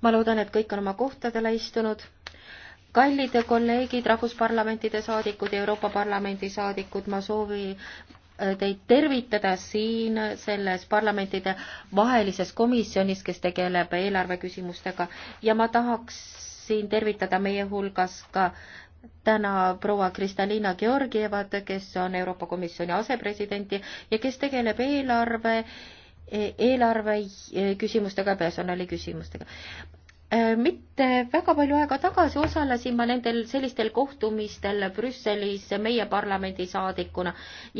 ma loodan, et kõik on oma kohtadele istunud. kallid kolleegid, rahvusparlamentide saadikud ja Euroopa Parlamendi saadikud, ma soovin äh, teid tervitada siin selles parlamentide vahelises komisjonis, kes tegeleb eelarveküsimustega ja ma tahaksin tervitada meie hulgas ka täna proua Kristalina Georgievat, kes on Euroopa Komisjoni asepresidenti ja kes tegeleb eelarve E, eelarve e, küsimustega, personali küsimustega. E, mitte väga palju aega tagasi osalesin ma nendel sellistel kohtumistel Brüsselis meie parlamendi saadikuna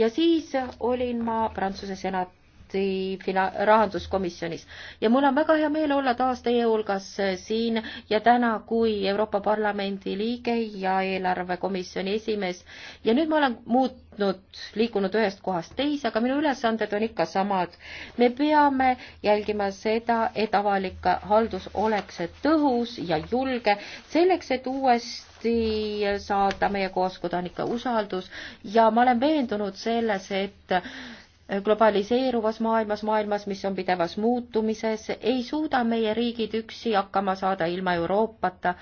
ja siis olin ma Prantsuse senat-, lahti rahanduskomisjonis. ja mul on väga hea meel olla taas teie hulgas eh, siin ja täna kui Euroopa Parlamendi liige ja eelarvekomisjoni esimees. ja nüüd ma olen muutnud, liikunud ühest kohast teise, aga minu ülesanded on ikka samad. me peame jälgima seda, et avalik haldus oleks tõhus ja julge, selleks et uuesti kindlasti saada meie kooskodanike usaldus ja ma olen veendunud selles, et globaliseeruvas maailmas, maailmas, mis on pidevas muutumises, ei suuda meie riigid üksi hakkama saada ilma Euroopata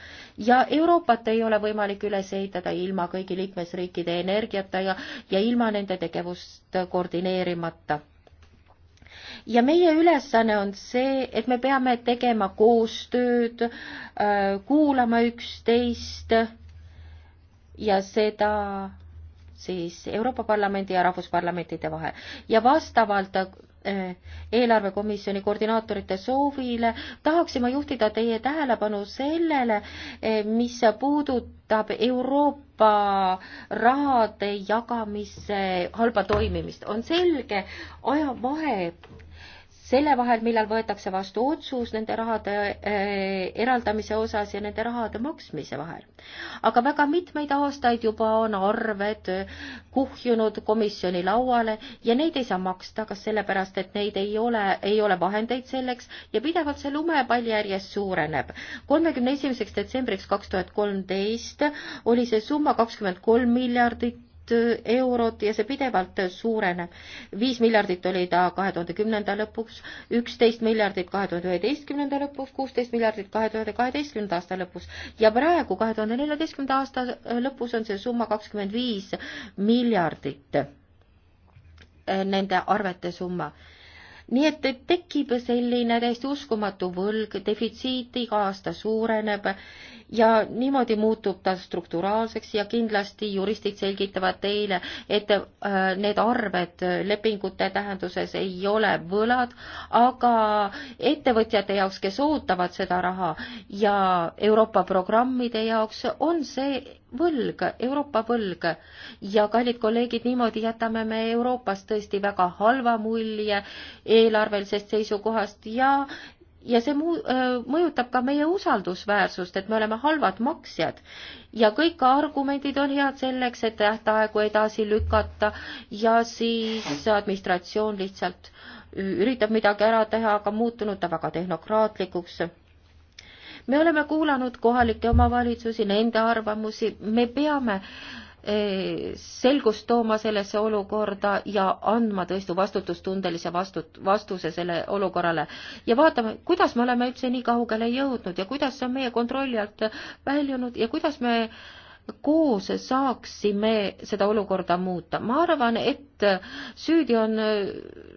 ja Euroopat ei ole võimalik üles ehitada ilma kõigi liikmesriikide energiata ja, ja ilma nende tegevust koordineerimata ja meie ülesanne on see, et me peame tegema koostööd, äh, kuulama üksteist ja seda siis Euroopa Parlamendi ja Rahvusparlamentide vahel ja vastavalt äh, eelarvekomisjoni koordinaatorite soovile tahaksime juhtida teie tähelepanu sellele, äh, mis puudutab Euroopa rahade jagamise halba toimimist. on selge ajavahe selle vahel, millal võetakse vastu otsus nende rahade eh, eraldamise osas ja nende rahade maksmise vahel. aga väga mitmeid aastaid juba on arved eh, kuhjunud komisjoni lauale ja neid ei saa maksta, kas sellepärast, et neid ei ole, ei ole vahendeid selleks ja pidevalt see lumepall järjest suureneb. kolmekümne esimeseks detsembriks kaks tuhat kolmteist oli see summa kakskümmend kolm miljardit eurot ja see pidevalt suureneb. viis miljardit oli ta kahe tuhande kümnenda lõpuks, üksteist miljardit kahe tuhande üheteistkümnenda lõpuks, kuusteist miljardit kahe tuhande kaheteistkümnenda aasta lõpus ja praegu, kahe tuhande neljateistkümnenda aasta lõpus on see summa kakskümmend viis miljardit, eh, nende arvete summa nii et tekib selline täiesti uskumatu võlg, defitsiit iga aasta suureneb ja niimoodi muutub ta strukturaalseks ja kindlasti juristid selgitavad teile, et äh, need arved lepingute tähenduses ei ole võlad, aga ettevõtjate jaoks, kes ootavad seda raha ja Euroopa programmide jaoks on see võlg, Euroopa võlg. ja kallid kolleegid, niimoodi jätame me Euroopas tõesti väga halva mulje eelarvelisest seisukohast ja ja see muu, mõjutab ka meie usaldusväärsust, et me oleme halvad maksjad ja kõik argumendid on head selleks, et tähtaegu edasi lükata ja siis administratsioon lihtsalt üritab midagi ära teha, aga muutunud ta väga tehnokraatlikuks me oleme kuulanud kohalikke omavalitsusi, nende arvamusi, me peame äh, Eh, selgust tooma sellesse olukorda ja andma tõesti vastutustundelise vastut-, vastuse selle olukorrale. ja vaatame, kuidas me oleme üldse nii kaugele jõudnud ja kuidas see on meie kontrolli alt väljunud ja kuidas me äh, koos saaksime seda olukorda muuta. ma arvan, et süüdi on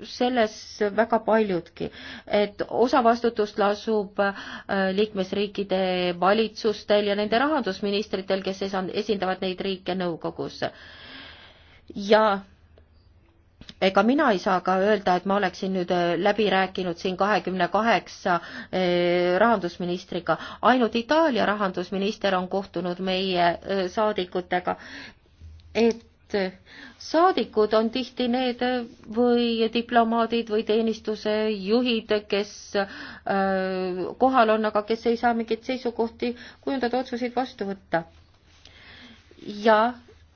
selles väga paljudki, et osa vastutust lasub äh, liikmesriikide valitsustel ja nende rahandusministritel, kes esindavad neid riike nõukogus. ja ega mina ei saa ka öelda, et ma oleksin nüüd äh, läbi rääkinud siin kahekümne kaheksa äh, rahandusministriga, ainult Itaalia rahandusminister on kohtunud meie äh, saadikutega, et saadikud on tihti need või diplomaadid või teenistuse juhid, kes kohal on, aga kes ei saa mingeid seisukohti kujundada, otsuseid vastu võtta. ja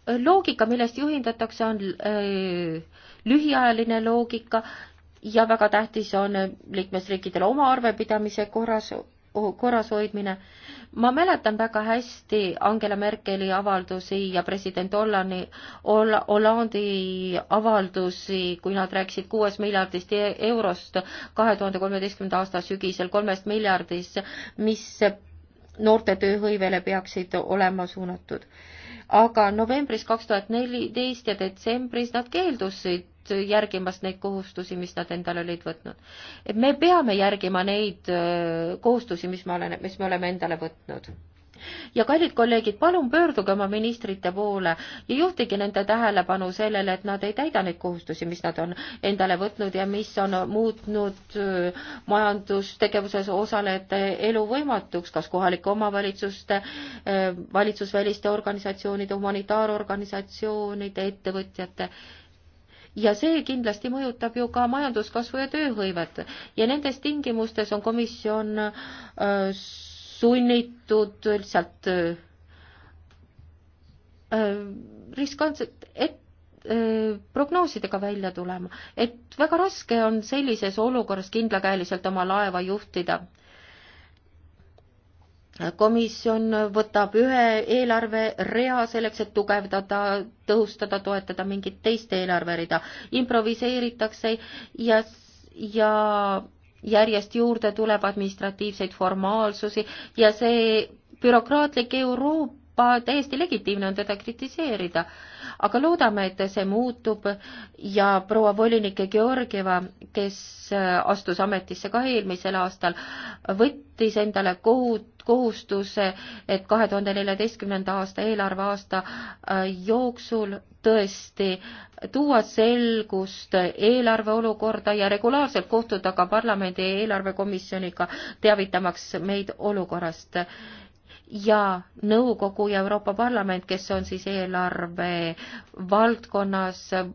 loogika, millest juhindatakse, on äh, lühiajaline loogika ja väga tähtis on liikmesriikidel oma arvepidamise korras, korras hoidmine. ma mäletan väga hästi Angela Merkeli avaldusi ja president Hollandi, Hollandi avaldusi, kui nad rääkisid kuuest miljardist e-, eurost kahe tuhande kolmeteistkümnenda aasta sügisel, kolmest miljardist, mis noorte tööhõivele peaksid olema suunatud aga novembris kaks tuhat neliteist ja detsembris nad keeldusid järgimast neid kohustusi, mis nad endale olid võtnud. et me peame järgima neid äh, kohustusi, mis me oleme, mis me oleme endale võtnud ja kallid kolleegid, palun pöörduge oma ministrite poole ja juhtige nende tähelepanu sellele, et nad ei täida neid kohustusi, mis nad on endale võtnud ja mis on muutnud äh, majandustegevuses osalejate elu võimatuks, kas kohalike omavalitsuste, äh, valitsusväliste organisatsioonide, humanitaarorganisatsioonide, ettevõtjate ja see kindlasti mõjutab ju ka majanduskasvu ja tööhõivet ja nendes tingimustes on komisjon öö, äh, sunnitud lihtsalt äh, äh, riskantselt et, äh, prognoosidega välja tulema, et väga raske on sellises olukorras kindlakäeliselt oma laeva juhtida. komisjon võtab ühe eelarverea selleks, et tugevdada, tõhustada, toetada mingit teist eelarverida, improviseeritakse ja, ja järjest juurde tuleb administratiivseid formaalsusi ja see bürokraatlik Euroopa täiesti legitiimne on teda kritiseerida, aga loodame, et see muutub ja proua volinik Georgieva, kes astus ametisse ka eelmisel aastal, võttis endale kohut-, kohustuse, et kahe tuhande neljateistkümnenda aasta eelarveaasta äh, jooksul tõesti tuua selgust eelarve olukorda ja regulaarselt kohtuda ka parlamendi eelarvekomisjoniga, teavitamaks meid olukorrast ja Nõukogu ja Euroopa Parlament, kes on siis eelarve valdkonnas äh,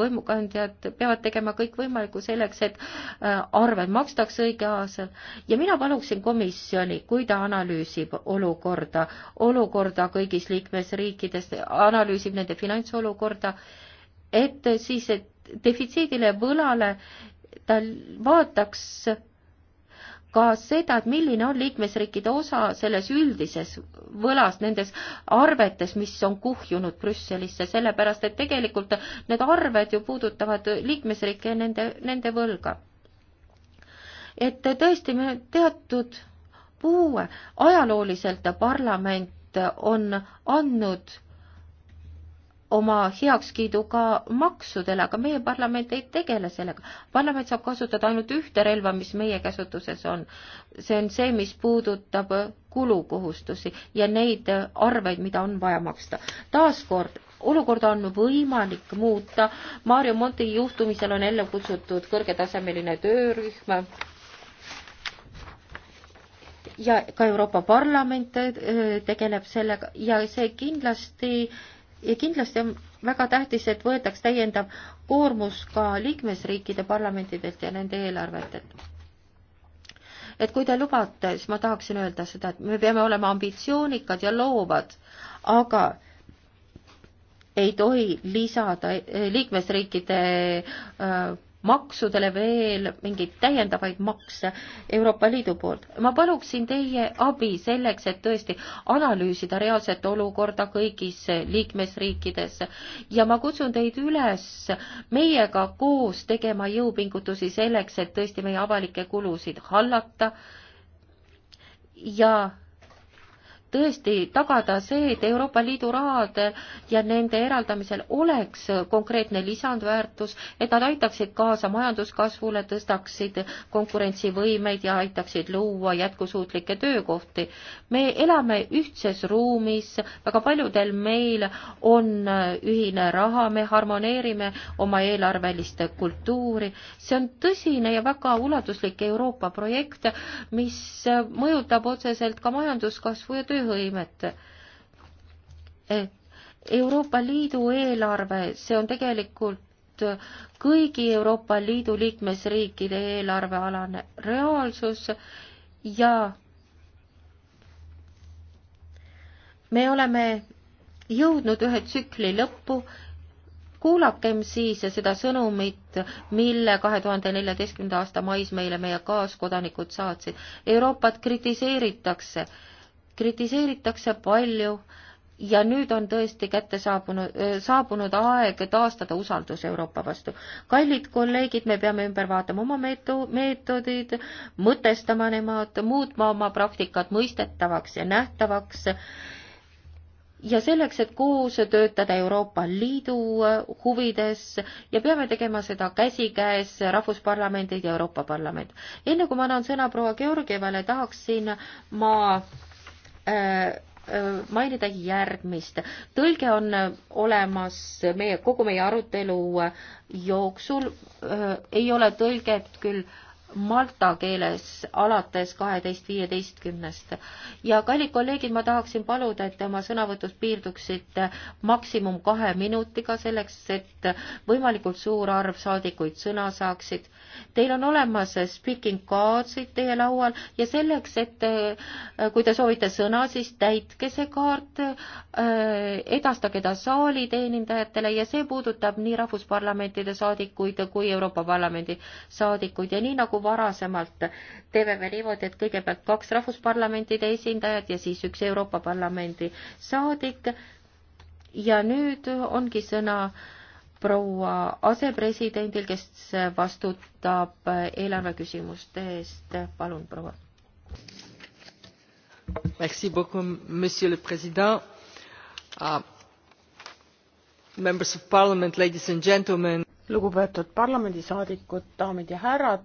võimukandjad, peavad tegema kõik võimalikku selleks, et äh, arved makstaks õigel aastal. ja mina paluksin komisjoni, kui ta analüüsib olukorda, olukorda kõigis liikmesriikides, analüüsib nende finantsolukorda, et siis defitsiidile ja võlale ta vaataks ka seda, et milline on liikmesriikide osa selles üldises võlas, nendes arvetes, mis on kuhjunud Brüsselisse, sellepärast et tegelikult need arved ju puudutavad liikmesriike ja nende, nende võlga. et tõesti, me teatud puue, ajalooliselt parlament on andnud oma heakskiidu ka maksudele, aga meie parlament ei tegele sellega. parlament saab kasutada ainult ühte relva, mis meie käsutuses on. see on see, mis puudutab kulukohustusi ja neid arveid, mida on vaja maksta. taaskord, olukorda on võimalik muuta. Maarjo Monti juhtumisel on ellu kutsutud kõrgetasemeline töörühm ja ka Euroopa Parlament eh, tegeleb sellega ja see kindlasti äh, ja kindlasti on väga tähtis, et võetaks täiendav koormus ka liikmesriikide parlamentidelt ja nende eelarvetelt. et kui te lubate, siis ma tahaksin öelda seda, et me peame olema ambitsioonikad ja loovad, aga ei tohi lisada liikmesriikide äh, maksudele veel mingeid täiendavaid makse Euroopa Liidu poolt. ma paluksin teie abi selleks, et tõesti analüüsida reaalset olukorda kõigis liikmesriikides ja ma kutsun teid üles meiega koos tegema jõupingutusi selleks, et tõesti meie avalikke kulusid hallata ja tõesti tagada see, et Euroopa Liidu rahadel ja nende eraldamisel oleks konkreetne lisandväärtus, et nad aitaksid kaasa majanduskasvule, tõstaksid konkurentsivõimeid ja aitaksid luua jätkusuutlikke töökohti. me elame ühtses ruumis, väga paljudel meil on ühine raha, me harmoneerime oma eelarvelist kultuuri, see on tõsine ja väga ulatuslik Euroopa projekt, mis mõjutab otseselt ka majanduskasvu ja töökohti tööhõimet. Euroopa Liidu eelarve, see on tegelikult kõigi Euroopa Liidu liikmesriikide eelarvealane reaalsus ja me oleme jõudnud ühe tsükli lõppu, kuulakem siis seda sõnumit, mille kahe tuhande neljateistkümnenda aasta mais meile meie kaaskodanikud saatsid. Euroopat kritiseeritakse kritiseeritakse palju ja nüüd on tõesti kätte saabunud, saabunud aeg taastada usaldus Euroopa vastu. kallid kolleegid, me peame ümber vaatama oma meeto-, meetodid, mõtestama nemad, muutma oma praktikat mõistetavaks ja nähtavaks ja selleks, et koos töötada Euroopa Liidu huvides ja peame tegema seda käsikäes Rahvusparlamendid ja Euroopa Parlament. enne kui ma annan sõna proua Georgievale, tahaksin ma Äh, äh, mainida järgmist. tõlge on äh, olemas meie, kogu meie arutelu jooksul, ei ole tõlget küll malta keeles alates kaheteist viieteistkümnest. ja kallid kolleegid, ma tahaksin paluda, et te oma sõnavõtus piirduksite maksimum kahe minutiga selleks, et võimalikult suur arv saadikuid sõna saaksid. Teil on olemas speaking cards'id teie laual ja selleks, et kui te soovite sõna, siis täitke see kaart, äh, edastage ta saali teenindajatele ja see puudutab nii rahvusparlamentide saadikuid kui Euroopa Parlamendi saadikuid ja nii nagu varasemalt teeme niimoodi, et kõigepealt kaks rahvusparlamentide esindajat ja siis üks Euroopa Parlamendi saadik. ja nüüd ongi sõna proua asepresidendil, kes vastutab eelarveküsimuste eest. palun, proua. Merci beaucoup, monsieur le president uh,. Ah, members of parliament, ladies and gentlemen. lugupeetud parlamendisaadikud, daamid ja härrad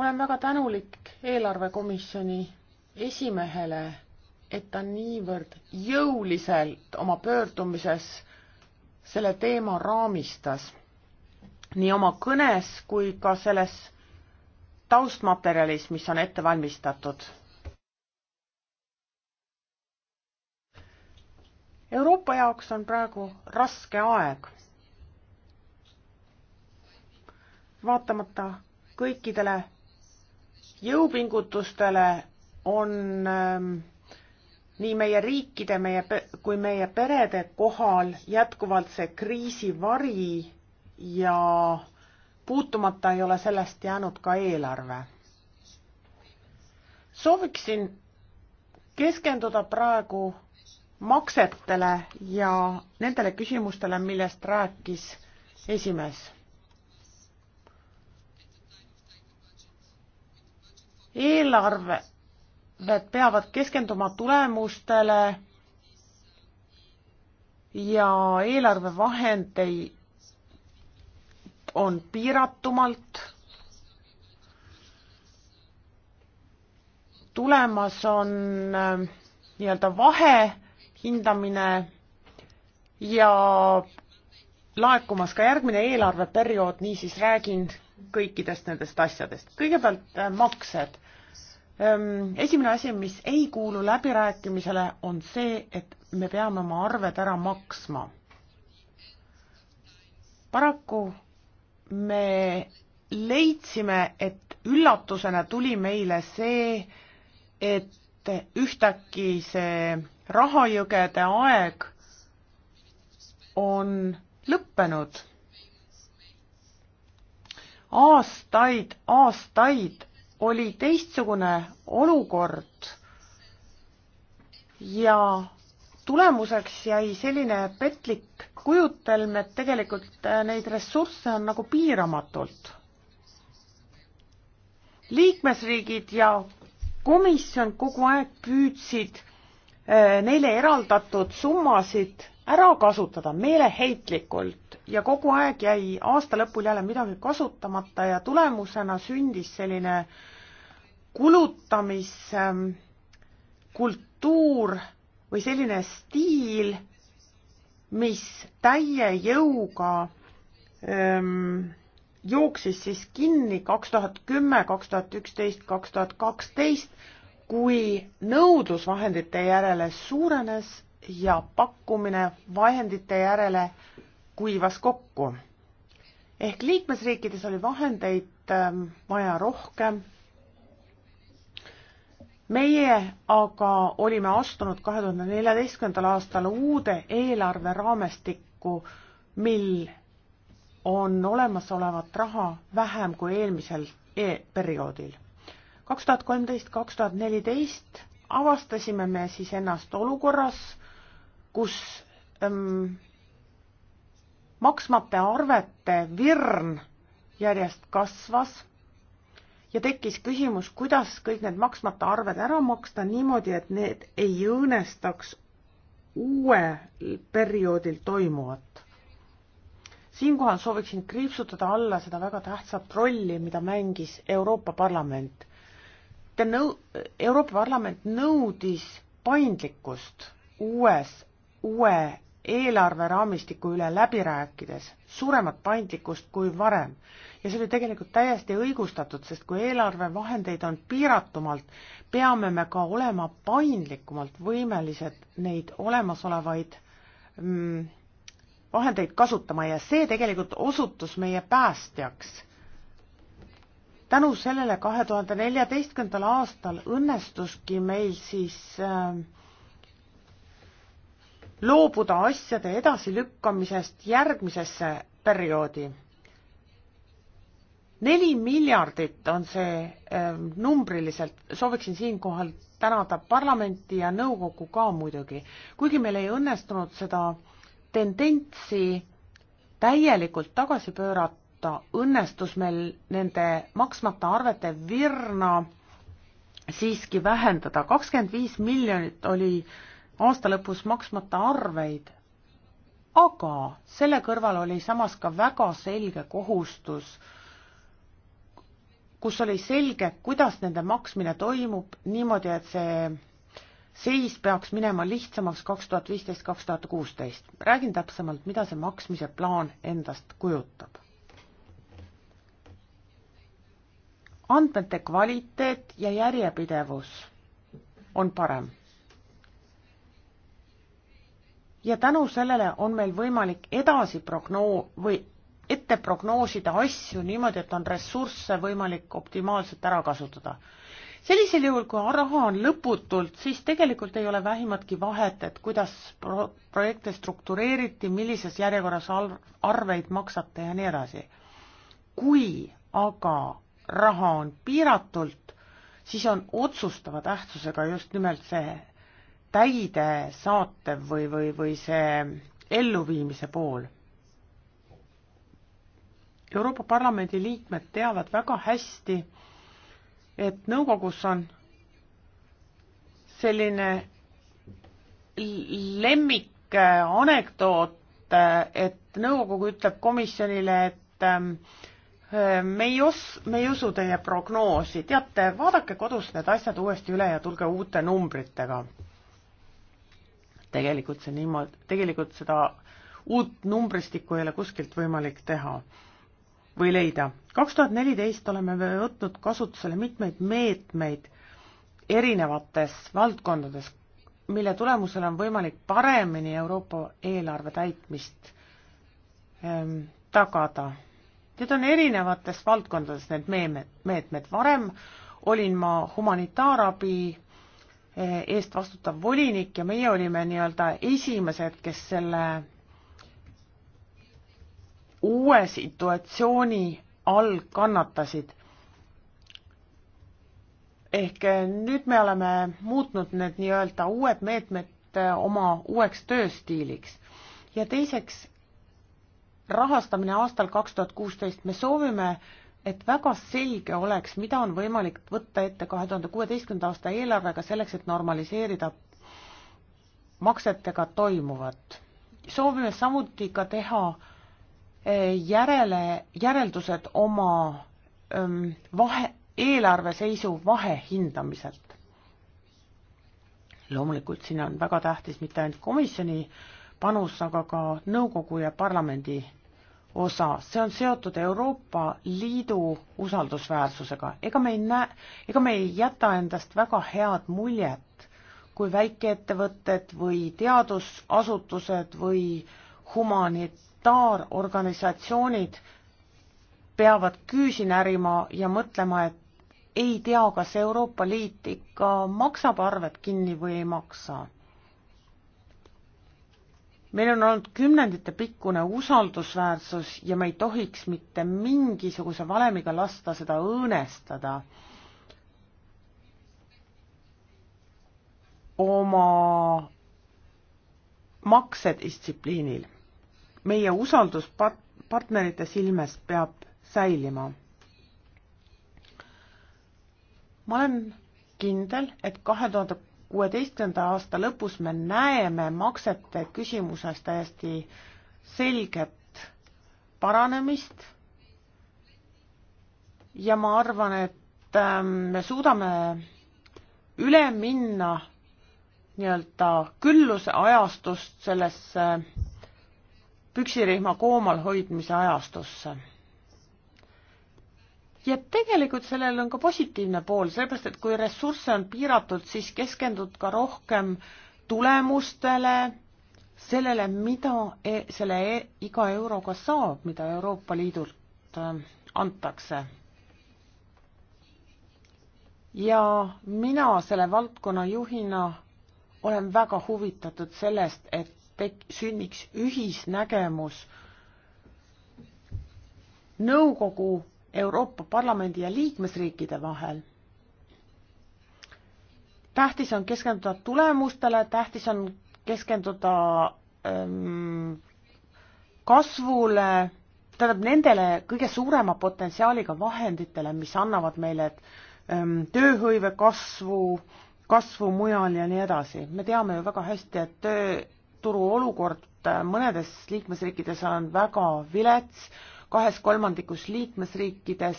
olen väga tänulik eelarvekomisjoni esimehele, et ta niivõrd jõuliselt oma pöördumises selle teema raamistas nii oma kõnes kui ka selles taustmaterjalis, mis on ette valmistatud. Euroopa jaoks on praegu raske aeg. vaatamata kõikidele jõupingutustele on ähm, nii meie riikide meie, kui meie perede kohal jätkuvalt see kriisivari ja puutumata ei ole sellest jäänud ka eelarve. sooviksin keskenduda praegu maksetele ja nendele küsimustele, millest rääkis esimees eelarved peavad keskenduma tulemustele ja eelarvevahendeid on piiratumalt. tulemas on äh, nii-öelda vahe hindamine ja laekumas ka järgmine eelarveperiood, niisiis räägin kõikidest nendest asjadest. kõigepealt äh, maksed. esimene asi, mis ei kuulu läbirääkimisele, on see, et me peame oma arved ära maksma. paraku me leidsime, et üllatusena tuli meile see, et ühtäkki see rahajõgede aeg on lõppenud aastaid, aastaid oli teistsugune olukord ja tulemuseks jäi selline petlik kujutelm, et tegelikult äh, neid ressursse on nagu piiramatult. liikmesriigid ja komisjon kogu aeg püüdsid äh, neile eraldatud summasid ära kasutada meeleheitlikult ja kogu aeg jäi aasta lõpul jälle midagi kasutamata ja tulemusena sündis selline kulutamiskultuur või selline stiil, mis täie jõuga öö, ähm, jooksis siis kinni kaks tuhat kümme, kaks tuhat üksteist, kaks tuhat kaksteist, kui nõudlus vahendite järele suurenes ja pakkumine vahendite järele kuivas kokku. ehk liikmesriikides oli vahendeid ähm, vaja rohkem. meie aga olime astunud kahe tuhande neljateistkümnendal aastal uude eelarveraamestikku, mil on olemasolevat raha vähem kui eelmisel e perioodil. kaks tuhat kolmteist, kaks tuhat neliteist avastasime me siis ennast olukorras, kus ähm, maksmata arvete virn järjest kasvas ja tekkis küsimus, kuidas kõik need maksmata arved ära maksta niimoodi, et need ei õõnestaks uue perioodil toimuvat. siinkohal sooviksin kriipsutada alla seda väga tähtsat rolli, mida mängis Euroopa Parlament. Te nõu-, Euroopa Parlament nõudis paindlikkust uues, uue eelarveraamistiku üle läbi rääkides suuremat paindlikkust kui varem ja see oli tegelikult täiesti õigustatud, sest kui eelarvevahendeid on piiratumalt, peame me ka olema paindlikumalt võimelised neid olemasolevaid mm, vahendeid kasutama ja see tegelikult osutus meie päästjaks. tänu sellele kahe tuhande neljateistkümnendal aastal õnnestuski meil siis äh, loobuda asjade edasilükkamisest järgmisesse perioodi. neli miljardit on see äh, numbriliselt, sooviksin siinkohal tänada parlamenti ja nõukogu ka muidugi, kuigi meil ei õnnestunud seda tendentsi täielikult tagasi pöörata, õnnestus meil nende maksmata arvete virna siiski vähendada, kakskümmend viis miljonit oli äh, aasta lõpus maksmata arveid, aga selle kõrval oli samas ka väga selge kohustus, kus oli selge, kuidas nende maksmine toimub niimoodi, et see seis peaks minema lihtsamaks kaks tuhat viisteist, kaks tuhat kuusteist. räägin täpsemalt, mida see maksmise plaan endast kujutab. andmete kvaliteet ja järjepidevus on parem ja tänu sellele on meil võimalik edasi prognoo- või ette prognoosida asju niimoodi, et on ressursse võimalik optimaalselt ära kasutada. sellisel juhul, kui raha on lõputult, siis tegelikult ei ole vähimatki vahet, et kuidas pro-, projekte struktureeriti, millises järjekorras al-, arveid maksate ja nii edasi. kui aga raha on piiratult, siis on otsustava tähtsusega just nimelt see täidesaatev või, või, või see elluviimise pool. Euroopa Parlamendi liikmed teavad väga hästi, et nõukogus on selline lemmik anekdoot, et nõukogu ütleb komisjonile, et ähm, äh, me ei os-, me ei usu teie prognoosi, teate, vaadake kodus need asjad uuesti üle ja tulge uute numbritega tegelikult see niimoodi, tegelikult seda uut numbristikku ei ole kuskilt võimalik teha või leida. kaks tuhat neliteist oleme me võtnud kasutusele mitmeid meetmeid erinevates valdkondades, mille tulemusel on võimalik paremini Euroopa eelarve täitmist ähm, tagada. Need on erinevates valdkondades, need meemed, meetmed. varem olin ma humanitaarabi eest vastutav volinik ja meie olime nii-öelda esimesed, kes selle uue situatsiooni all kannatasid. ehk eh, nüüd me oleme muutnud need nii-öelda uued meetmed eh, oma uueks tööstiiliks. ja teiseks, rahastamine aastal kaks tuhat kuusteist, me soovime äh, et väga selge oleks, mida on võimalik võtta ette kahe tuhande kuueteistkümnenda aasta eelarvega selleks, et normaliseerida maksetega toimuvat. soovime samuti ka teha eh, järele, järeldused oma öö, ehm, vahe, eelarve seisu vahehindamiselt. loomulikult siin on väga tähtis mitte ainult komisjoni panus, aga ka nõukogu ja parlamendi osa, see on seotud Euroopa Liidu usaldusväärsusega. ega me ei näe, ega me ei jäta endast väga head muljet, kui väikeettevõtted või teadusasutused või humanitaarorganisatsioonid peavad küüsi närima ja mõtlema, et ei tea, kas Euroopa Liit ikka maksab arved kinni või ei maksa meil on olnud kümnendite pikkune usaldusväärsus ja me ei tohiks mitte mingisuguse valemiga lasta seda õõnestada. oma maksedistsipliinil. meie usaldus part-, partnerite silmes peab säilima. ma olen kindel, et kahe tuhande kuueteistkümnenda aasta lõpus me näeme maksete küsimuses täiesti selget paranemist ja ma arvan, et ähm, me suudame üle minna nii-öelda külluse ajastust sellesse püksirihma koomal hoidmise ajastusse ja tegelikult sellel on ka positiivne pool, sellepärast et kui ressursse on piiratud, siis keskendud ka rohkem tulemustele, sellele, mida e selle e iga euroga saab, mida Euroopa Liidult ähm, antakse. ja mina selle valdkonna juhina olen väga huvitatud sellest, et tek-, sünniks ühisnägemus nõukogu Euroopa Parlamendi ja liikmesriikide vahel. tähtis on keskenduda tulemustele, tähtis on keskenduda ähm, kasvule, tähendab nendele kõige suurema potentsiaaliga vahenditele, mis annavad meile ähm, tööhõive kasvu, kasvu mujal ja nii edasi. me teame ju väga hästi, et tööturu olukord äh, mõnedes liikmesriikides on väga vilets kahes kolmandikus liikmesriikides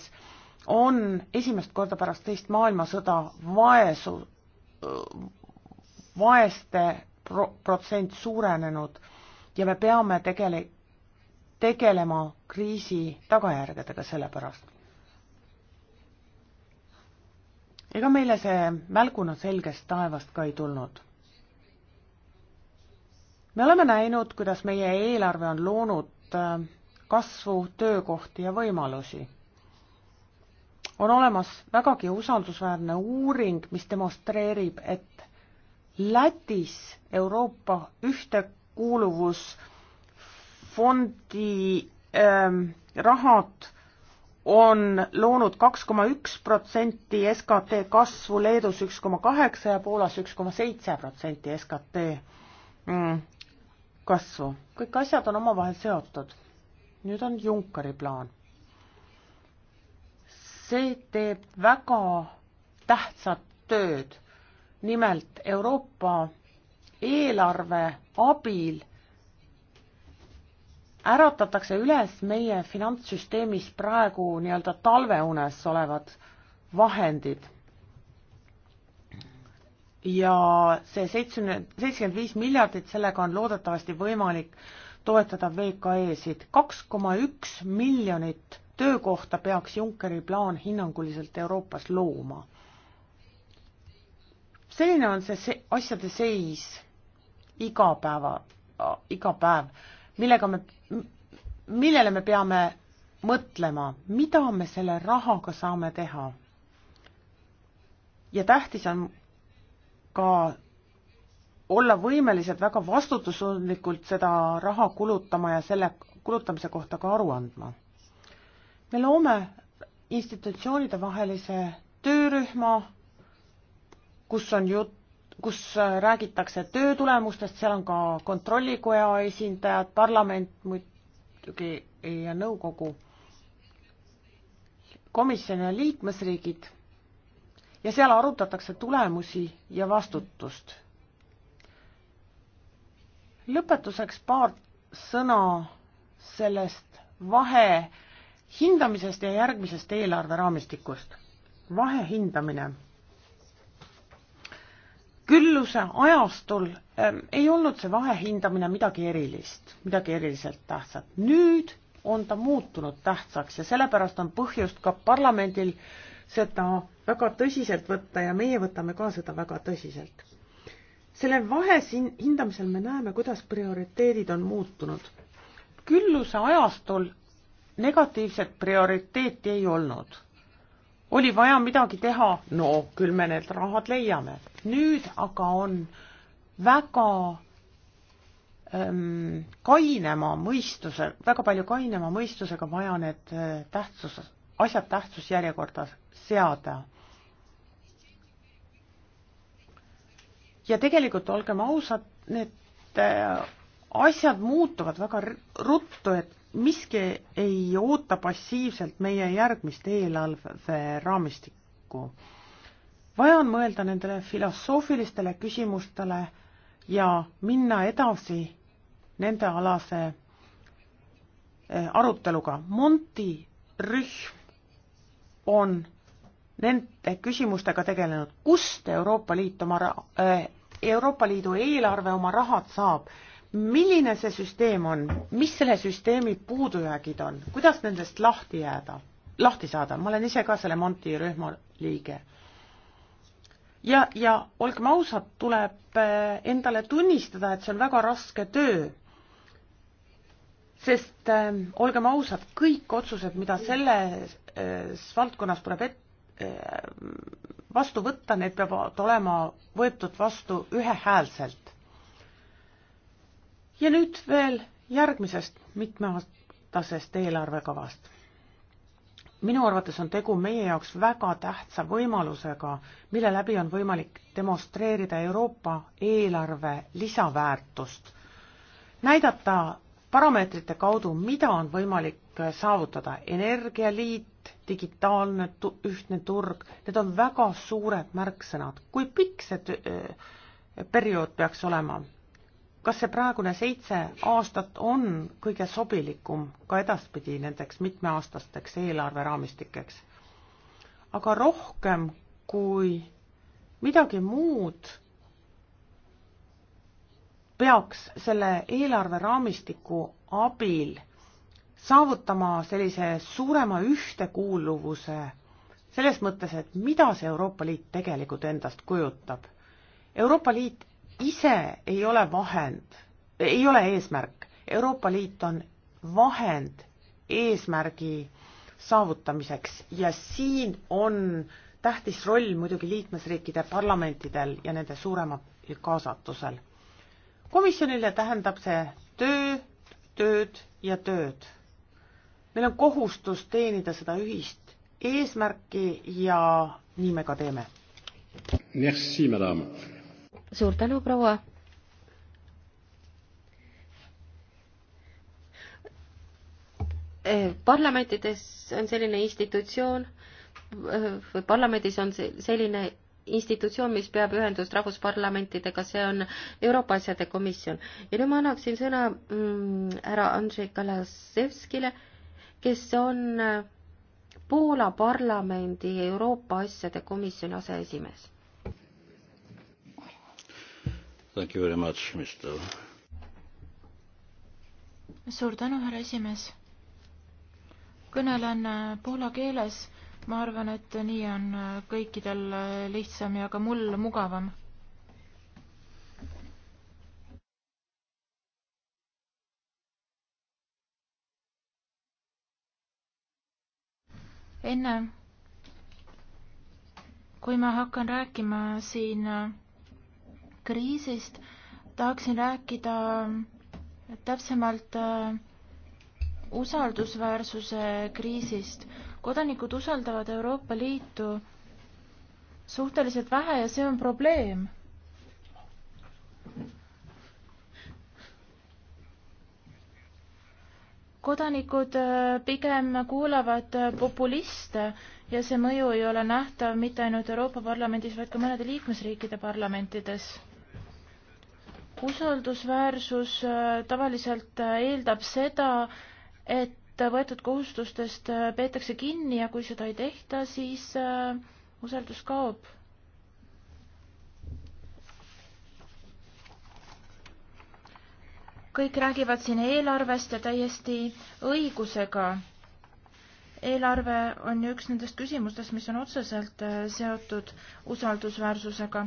on esimest korda pärast teist maailmasõda vaesu, vaeste pro-, protsent suurenenud ja me peame tegele-, tegelema kriisi tagajärgedega selle pärast. ega meile see mälguna selgest taevast ka ei tulnud me oleme näinud, kuidas meie eelarve on loonud äh, kasvu, töökohti ja võimalusi. on olemas vägagi usaldusväärne uuring, mis demonstreerib, et Lätis Euroopa ühtekuuluvusfondi ähm, rahad on loonud kaks koma üks protsenti SKT kasvu, Leedus üks koma kaheksa ja Poolas üks koma seitse protsenti SKT mm, kasvu. kõik asjad on omavahel seotud nüüd on Junckeri plaan. see teeb väga tähtsat tööd, nimelt Euroopa eelarve abil äratatakse üles meie finantssüsteemis praegu nii-öelda talveunes olevad vahendid. ja see seitsekümmend, seitsekümmend viis miljardit, sellega on loodetavasti võimalik äh, toetada VKE-sid. kaks koma üks miljonit töökohta peaks Junckeri plaan hinnanguliselt Euroopas looma. selline on see, see asjade seis iga päeva, iga päev, millega me, millele me peame mõtlema, mida me selle rahaga saame teha. ja tähtis on ka olla võimelised väga vastutustundlikult seda raha kulutama ja selle kulutamise kohta ka aru andma. me loome institutsioonide vahelise töörühma, kus on jutt, kus räägitakse töö tulemustest, seal on ka kontrollikoja esindajad, parlament muidugi ja nõukogu, komisjon ja liikmesriigid ja seal arutatakse tulemusi ja vastutust lõpetuseks paar sõna sellest vahe hindamisest ja järgmisest eelarveraamistikust. vahe hindamine. külluse ajastul ähm, ei olnud see vahe hindamine midagi erilist, midagi eriliselt tähtsat. nüüd on ta muutunud tähtsaks ja sellepärast on põhjust ka parlamendil seda väga tõsiselt võtta ja meie võtame ka seda väga tõsiselt selle vahe siin hindamisel me näeme, kuidas prioriteedid on muutunud. külluse ajastul negatiivset prioriteeti ei olnud. oli vaja midagi teha, no küll me need rahad leiame. nüüd aga on väga ähm, kainema mõistuse, väga palju kainema mõistusega vaja need äh, tähtsus, asjad tähtsusjärjekorda seada ja tegelikult olgem ausad, need äh, asjad muutuvad väga ruttu, et miski ei oota passiivselt meie järgmist eelarveraamistikku. vaja on mõelda nendele filosoofilistele küsimustele ja minna edasi nendealase äh, aruteluga. Monti rühm on nende küsimustega tegelenud, kust Euroopa Liit oma äh, Euroopa Liidu eelarve oma rahad saab, milline see süsteem on, mis selle süsteemi puudujäägid on, kuidas nendest lahti jääda, lahti saada, ma olen ise ka selle Monti rühma liige. ja, ja olgem ausad, tuleb eh, endale tunnistada, et see on väga raske töö. sest äh, olgem ausad, kõik otsused, mida selles äh, valdkonnas tuleb ette äh, vastu võtta, need peavad olema võetud vastu ühehäälselt. ja nüüd veel järgmisest mitmeaastasest eelarvekavast. minu arvates on tegu meie jaoks väga tähtsa võimalusega, mille läbi on võimalik demonstreerida Euroopa eelarve lisaväärtust, näidata parameetrite kaudu, mida on võimalik äh, saavutada, energialiit, digitaalne tu-, ühtne turg, need on väga suured märksõnad. kui pikk see äh, periood peaks olema? kas see praegune seitse aastat on kõige sobilikum ka edaspidi nendeks mitmeaastasteks eelarveraamistikeks? aga rohkem kui midagi muud peaks selle eelarveraamistiku abil saavutama sellise suurema ühtekuuluvuse selles mõttes, et mida see Euroopa Liit tegelikult endast kujutab. Euroopa Liit ise ei ole vahend, ei ole eesmärk, Euroopa Liit on vahend eesmärgi saavutamiseks ja siin on tähtis roll muidugi liikmesriikide parlamentidel ja nende suuremal kaasatusel komisjonile tähendab see töö, tööd ja tööd. meil on kohustus teenida seda ühist eesmärki ja nii me ka teeme. Merci, madame. suur tänu, proua. Eh, parlamentides on selline institutsioon eh, või parlamendis on selline institutsioon, mis peab ühendust rahvusparlamentidega, see on Euroopa Asjade Komisjon. ja nüüd ma annaksin sõna mm, härra Andrei Kalasevskile, kes on äh, Poola parlamendi Euroopa Asjade Komisjoni aseesimees. Thank you very much, Mr. suur tänu, härra esimees. kõnelen äh, poola keeles ma arvan, et nii on kõikidel lihtsam ja ka mul mugavam. enne kui ma hakkan rääkima siin kriisist, tahaksin rääkida täpsemalt äh, usaldusväärsuse kriisist. kodanikud usaldavad Euroopa Liitu suhteliselt vähe ja see on probleem. kodanikud äh, pigem kuulavad äh, populiste ja see mõju ei ole nähtav mitte ainult Euroopa Parlamendis, vaid ka mõnede liikmesriikide parlamentides usaldusväärsus äh, tavaliselt eeldab seda, et võetud kohustustest äh, peetakse kinni ja kui seda ei tehta, siis äh, usaldus kaob. kõik räägivad siin eelarvest ja täiesti õigusega. eelarve on ju üks nendest küsimustest, mis on otseselt äh, seotud usaldusväärsusega.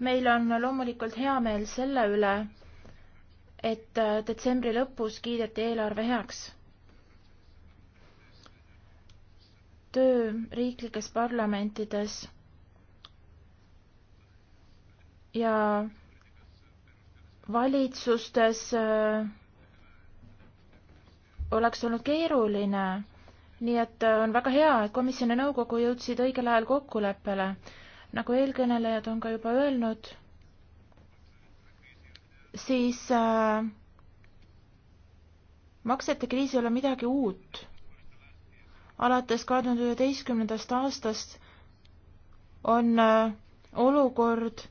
meil on loomulikult hea meel selle üle, et detsembri lõpus kiideti eelarve heaks. töö riiklikes parlamentides ja valitsustes äh, oleks olnud keeruline. nii et äh, on väga hea, et komisjon ja nõukogu jõudsid õigel ajal kokkuleppele. nagu eelkõnelejad on ka juba öelnud, siis äh, maksete kriis ei ole midagi uut alates kahe tuhande üheteistkümnendast aastast on äh, olukord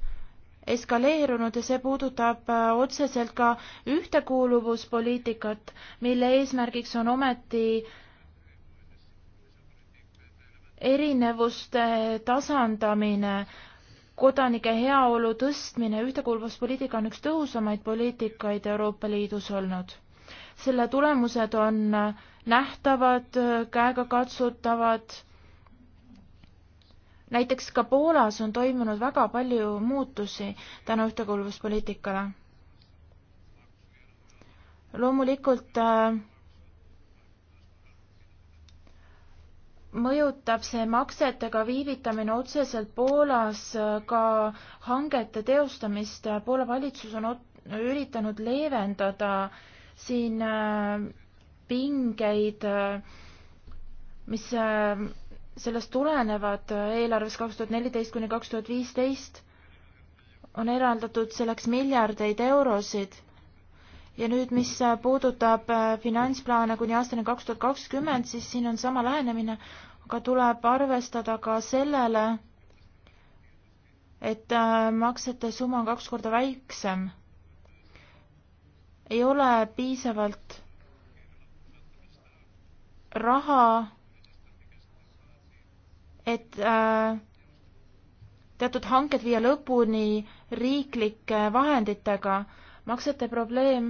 eskaleerunud ja see puudutab äh, otseselt ka ühtekuuluvuspoliitikat, mille eesmärgiks on ometi erinevuste tasandamine, kodanike heaolu tõstmine, ühtekuuluvuspoliitika on üks tõhusamaid poliitikaid Euroopa Liidus olnud. selle tulemused on äh, nähtavad, käegakatsutavad. näiteks ka Poolas on toimunud väga palju muutusi tänu ühtekuuluvuspoliitikale. loomulikult äh, mõjutab see maksetega viivitamine otseselt Poolas äh, ka hangete teostamist. Poola valitsus on üritanud leevendada siin äh, pingeid, äh, mis äh, sellest tulenevad äh, eelarves kaks tuhat neliteist kuni kaks tuhat viisteist, on eraldatud selleks miljardeid eurosid ja nüüd, mis puudutab finantsplaane kuni aastani kaks tuhat kakskümmend, siis siin on sama lähenemine, aga tuleb arvestada ka sellele, et maksete summa on kaks korda väiksem. ei ole piisavalt raha, et äh, teatud hanked viia lõpuni riiklike vahenditega. maksete probleem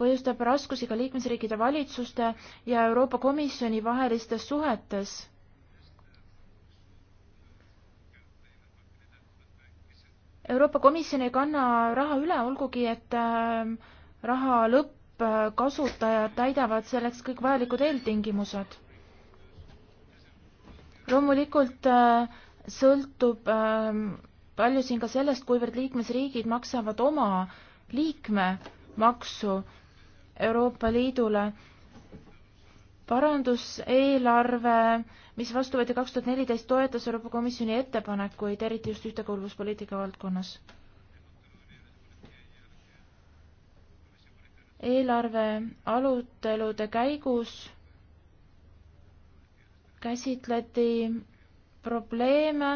põhjustab raskusi ka liikmesriikide valitsuste ja Euroopa Komisjoni vahelistes suhetes Euroopa Komisjon ei kanna raha üle, olgugi et äh, raha lõpp lõppkasutajad äh, täidavad selleks kõik vajalikud eeltingimused. loomulikult äh, sõltub ähm, palju siin ka sellest, kuivõrd liikmesriigid maksavad oma liikmemaksu Euroopa Liidule. paranduseelarve, mis vastu võeti kaks tuhat neliteist, toetas Euroopa Komisjoni ettepanekuid, eriti just ühtekuuluvuspoliitika valdkonnas eelarve arutelude käigus käsitleti probleeme,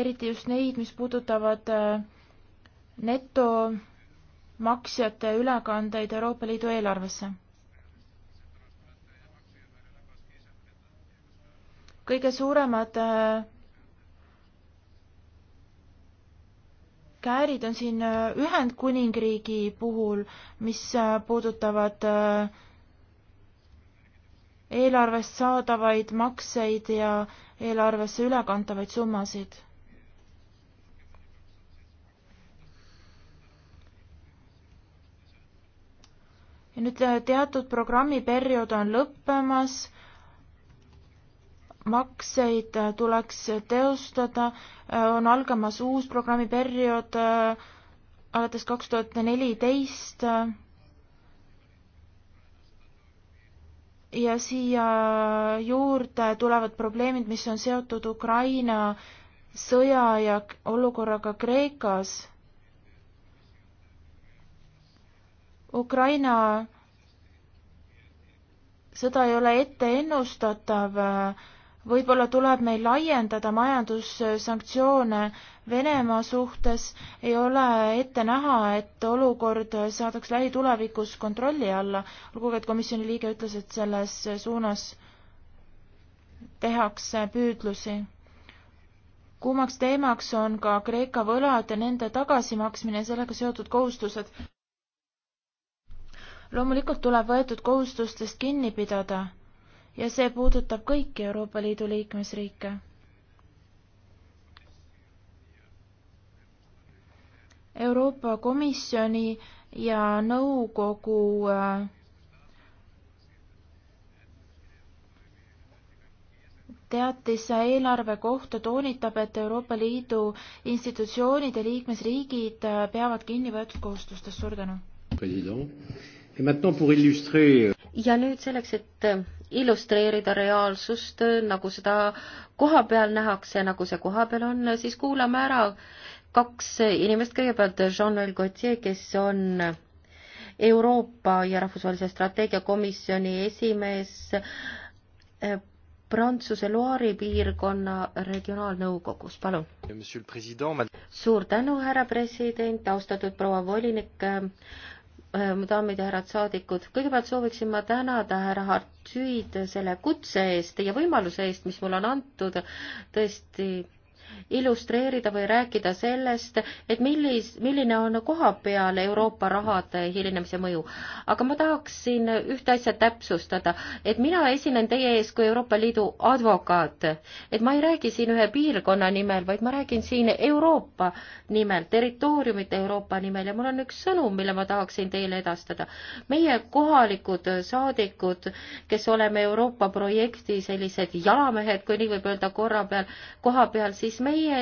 eriti just neid, mis puudutavad äh, netomaksjate ülekandeid Euroopa Liidu eelarvesse. kõige suuremad äh, käärid on siin äh, Ühendkuningriigi puhul, mis äh, puudutavad äh, eelarvest saadavaid makseid ja eelarvesse ülekantavaid summasid. ja nüüd teatud programmiperiood on lõppemas makseid äh, tuleks teostada, äh, on algamas uus programmiperiood äh, alates kaks tuhat neliteist. ja siia juurde tulevad probleemid, mis on seotud Ukraina sõja ja olukorraga Kreekas. Ukraina sõda ei ole ette ennustatav äh, võib-olla tuleb meil laiendada majandussanktsioone Venemaa suhtes, ei ole ette näha, et olukord saadaks lähitulevikus kontrolli alla, olgugi et komisjoni liige ütles, et selles suunas tehakse püüdlusi. kuumaks teemaks on ka Kreeka võlad ja nende tagasimaksmine ja sellega seotud kohustused. loomulikult tuleb võetud kohustustest kinni pidada ja see puudutab kõiki Euroopa Liidu liikmesriike. Euroopa Komisjoni ja nõukogu äh, teatise eelarve kohta toonitab, et Euroopa Liidu institutsioonid ja liikmesriigid äh, peavad kinni võetud kohustustest. suur tänu! ja nüüd selleks, et äh, illustreerida reaalsust, äh, nagu seda koha peal nähakse, nagu see koha peal on, äh, siis kuulame ära kaks inimest, kõigepealt Jean-Noël Gautier, kes on Euroopa ja Rahvusvahelise Strateegiakomisjoni esimees Prantsuse Loari piirkonna regionaalnõukogus, palun. suur tänu, härra president, austatud proua volinik Äh, mu daamid ja härrad saadikud, kõigepealt sooviksin ma tänada härra Hartüid selle kutse eest ja võimaluse eest, mis mulle on antud. tõesti illustreerida või rääkida sellest, et millis, milline on kohapeal Euroopa rahade hilinemise mõju. aga ma tahaksin ühte asja täpsustada, et mina esinen teie ees kui Euroopa Liidu advokaat, et ma ei räägi siin ühe piirkonna nimel, vaid ma räägin siin Euroopa nimel, territooriumite Euroopa nimel ja mul on üks sõnum, mille ma tahaksin teile edastada. meie kohalikud saadikud, kes oleme Euroopa projekti sellised jalamehed, kui nii võib öelda, korra peal, koha peal, siis meie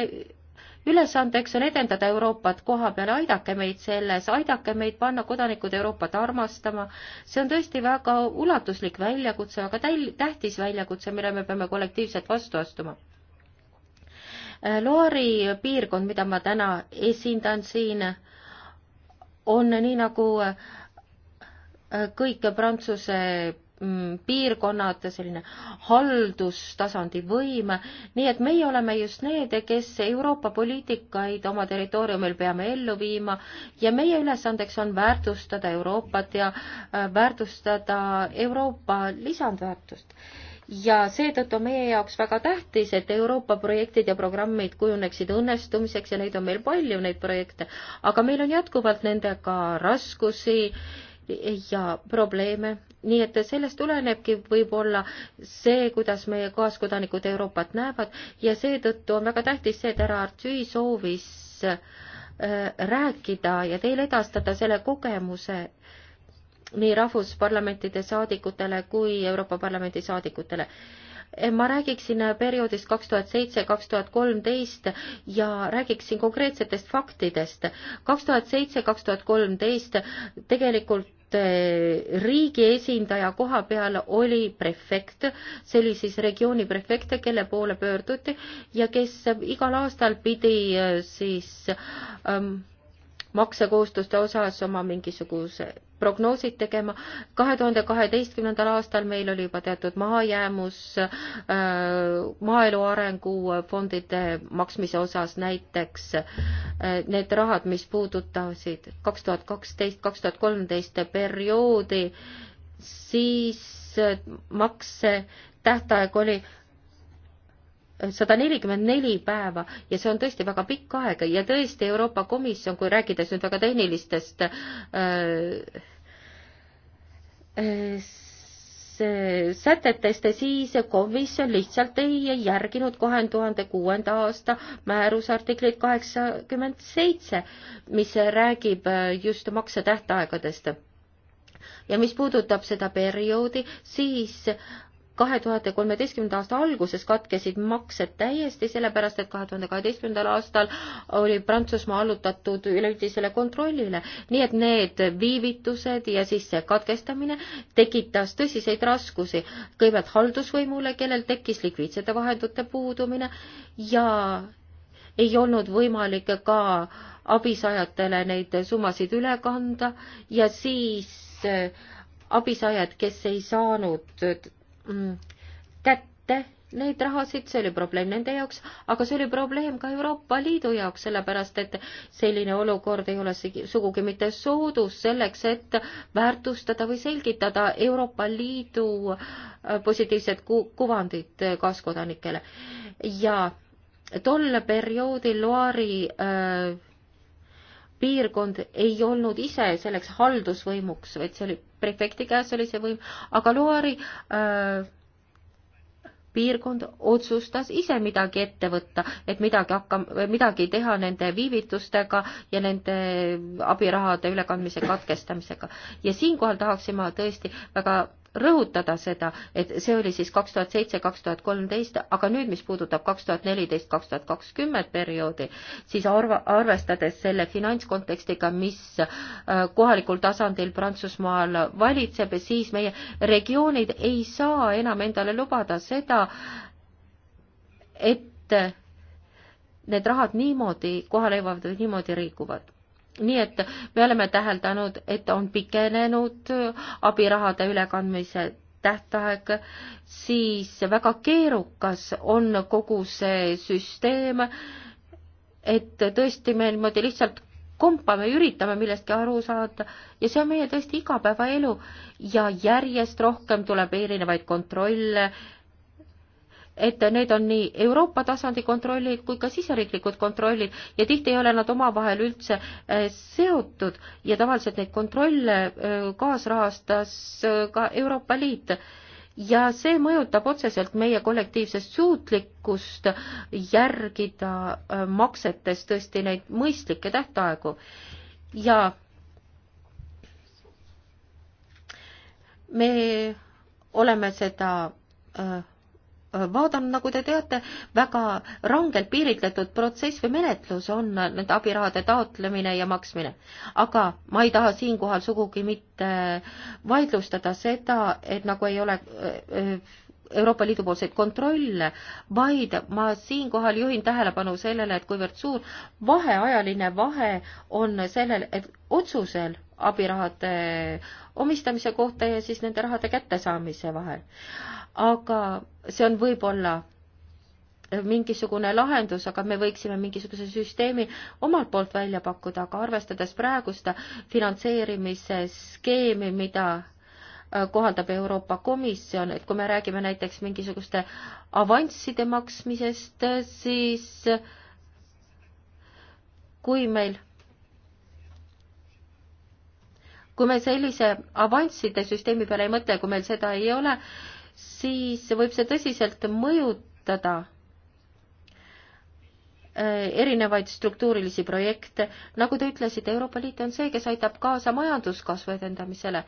ülesandeks on edendada Euroopat koha peal, aidake meid selles, aidake meid panna kodanikud Euroopat armastama. see on tõesti väga ulatuslik väljakutse, aga tähtis väljakutse, mille me peame kollektiivselt vastu astuma. Äh, Loari piirkond, mida ma täna esindan siin, on nii nagu äh, kõik Prantsuse Mm, piirkonnad, selline haldustasandi võim, nii et meie oleme just need, kes Euroopa poliitikaid oma territooriumil peame ellu viima ja meie ülesandeks on väärtustada Euroopat ja äh, väärtustada Euroopa lisandväärtust ja seetõttu on meie jaoks väga tähtis, et Euroopa projektid ja programmid kujuneksid õnnestumiseks ja neid on meil palju, neid projekte, aga meil on jätkuvalt nendega raskusi äh, ja probleeme, nii et sellest tulenebki võib-olla see, kuidas meie kaaskodanikud Euroopat näevad ja seetõttu on väga tähtis see, et härra Artüi soovis äh, rääkida ja teile edastada selle kogemuse nii rahvusparlamentide saadikutele kui Euroopa Parlamendi saadikutele ma räägiksin perioodist kaks tuhat seitse, kaks tuhat kolmteist ja räägiksin konkreetsetest faktidest. kaks tuhat seitse, kaks tuhat kolmteist tegelikult eh, riigi esindaja koha peal oli prefekt, see oli siis regiooni prefekt, kelle poole pöörduti ja kes igal aastal pidi eh, siis ähm, maksekohustuste osas oma mingisuguse prognoosid tegema. kahe tuhande kaheteistkümnendal aastal meil oli juba teatud mahajäämus äh, maaelu arengufondide maksmise osas näiteks äh, need rahad, mis puudutasid kaks tuhat kaksteist, kaks tuhat kolmteist perioodi, siis äh, makse tähtaeg oli sada nelikümmend neli päeva ja see on tõesti väga pikk aeg ja tõesti Euroopa Komisjon, kui rääkides nüüd väga tehnilistest äh, äh, sätetest, siis komisjon lihtsalt ei järginud kahe tuhande kuuenda aasta määruse artiklit kaheksakümmend seitse, mis räägib äh, just maksetähtaegadest. ja mis puudutab seda perioodi, siis kahe tuhande kolmeteistkümnenda aasta alguses katkesid maksed täiesti, sellepärast et kahe tuhande kaheteistkümnendal aastal oli Prantsusmaa allutatud üleüldisele kontrollile. nii et need viivitused ja siis see katkestamine tekitas tõsiseid raskusi kõigepealt haldusvõimule, kellel tekkis likviidsete vahendute puudumine ja ei olnud võimalik ka abisaajatele neid summasid üle kanda ja siis äh, abisaajad, kes ei saanud Mm, kätte neid rahasid, see oli probleem nende jaoks, aga see oli probleem ka Euroopa Liidu jaoks, sellepärast et selline olukord ei ole sugugi mitte soodus selleks, et väärtustada või selgitada Euroopa Liidu äh, positiivset ku-, kuvandit äh, kaaskodanikele. ja tol perioodil Loari äh, piirkond ei olnud ise selleks haldusvõimuks, vaid see oli prefekti käes oli see võim, aga Loari äh, piirkond otsustas ise midagi ette võtta, et midagi hakka, midagi teha nende viivitustega ja nende abirahade ülekandmise katkestamisega. ja siinkohal tahaksin ma tõesti väga rõhutada seda, et see oli siis kaks tuhat seitse, kaks tuhat kolmteist, aga nüüd, mis puudutab kaks tuhat neliteist, kaks tuhat kakskümmend perioodi, siis arva, arvestades selle finantskontekstiga, mis äh, kohalikul tasandil Prantsusmaal valitseb, siis meie regioonid ei saa enam endale lubada seda, et need rahad niimoodi kohale jõuavad või niimoodi liiguvad nii et me oleme täheldanud, et on pikenenud abirahade ülekandmise tähtaeg, siis väga keerukas on kogu see süsteem, et tõesti me niimoodi lihtsalt kompame, üritame millestki aru saada ja see on meie tõesti igapäevaelu ja järjest rohkem tuleb erinevaid kontrolle et need on nii Euroopa tasandi kontrollid kui ka siseriiklikud kontrollid ja tihti ei ole nad omavahel üldse äh, seotud ja tavaliselt neid kontrolle äh, kaasrahastas äh, ka Euroopa Liit ja see mõjutab otseselt meie kollektiivsest suutlikkust järgida maksetes tõesti neid mõistlikke tähtaegu ja me oleme seda vaad on, nagu te teate, väga rangelt piiritletud protsess või menetlus on nende abirahade taotlemine ja maksmine. aga ma ei taha siinkohal sugugi mitte vaidlustada seda, et nagu ei ole äh, äh, Euroopa Liidu poolseid kontrolle, vaid ma siinkohal juhin tähelepanu sellele, et kuivõrd suur vahe, ajaline vahe on sellel, et otsusel abirahade omistamise kohta ja siis nende rahade kättesaamise vahel. aga see on võib-olla mingisugune lahendus, aga me võiksime mingisuguse süsteemi omalt poolt välja pakkuda, aga arvestades praegust finantseerimise skeemi, mida Äh, kohandab Euroopa Komisjon, et kui me räägime näiteks mingisuguste avansside maksmisest, äh, siis äh, kui meil, kui me sellise avansside süsteemi peale ei mõtle, kui meil seda ei ole, siis võib see tõsiselt mõjutada erinevaid struktuurilisi projekte. nagu te ütlesite, Euroopa Liit on see, kes aitab kaasa majanduskasvu edendamisele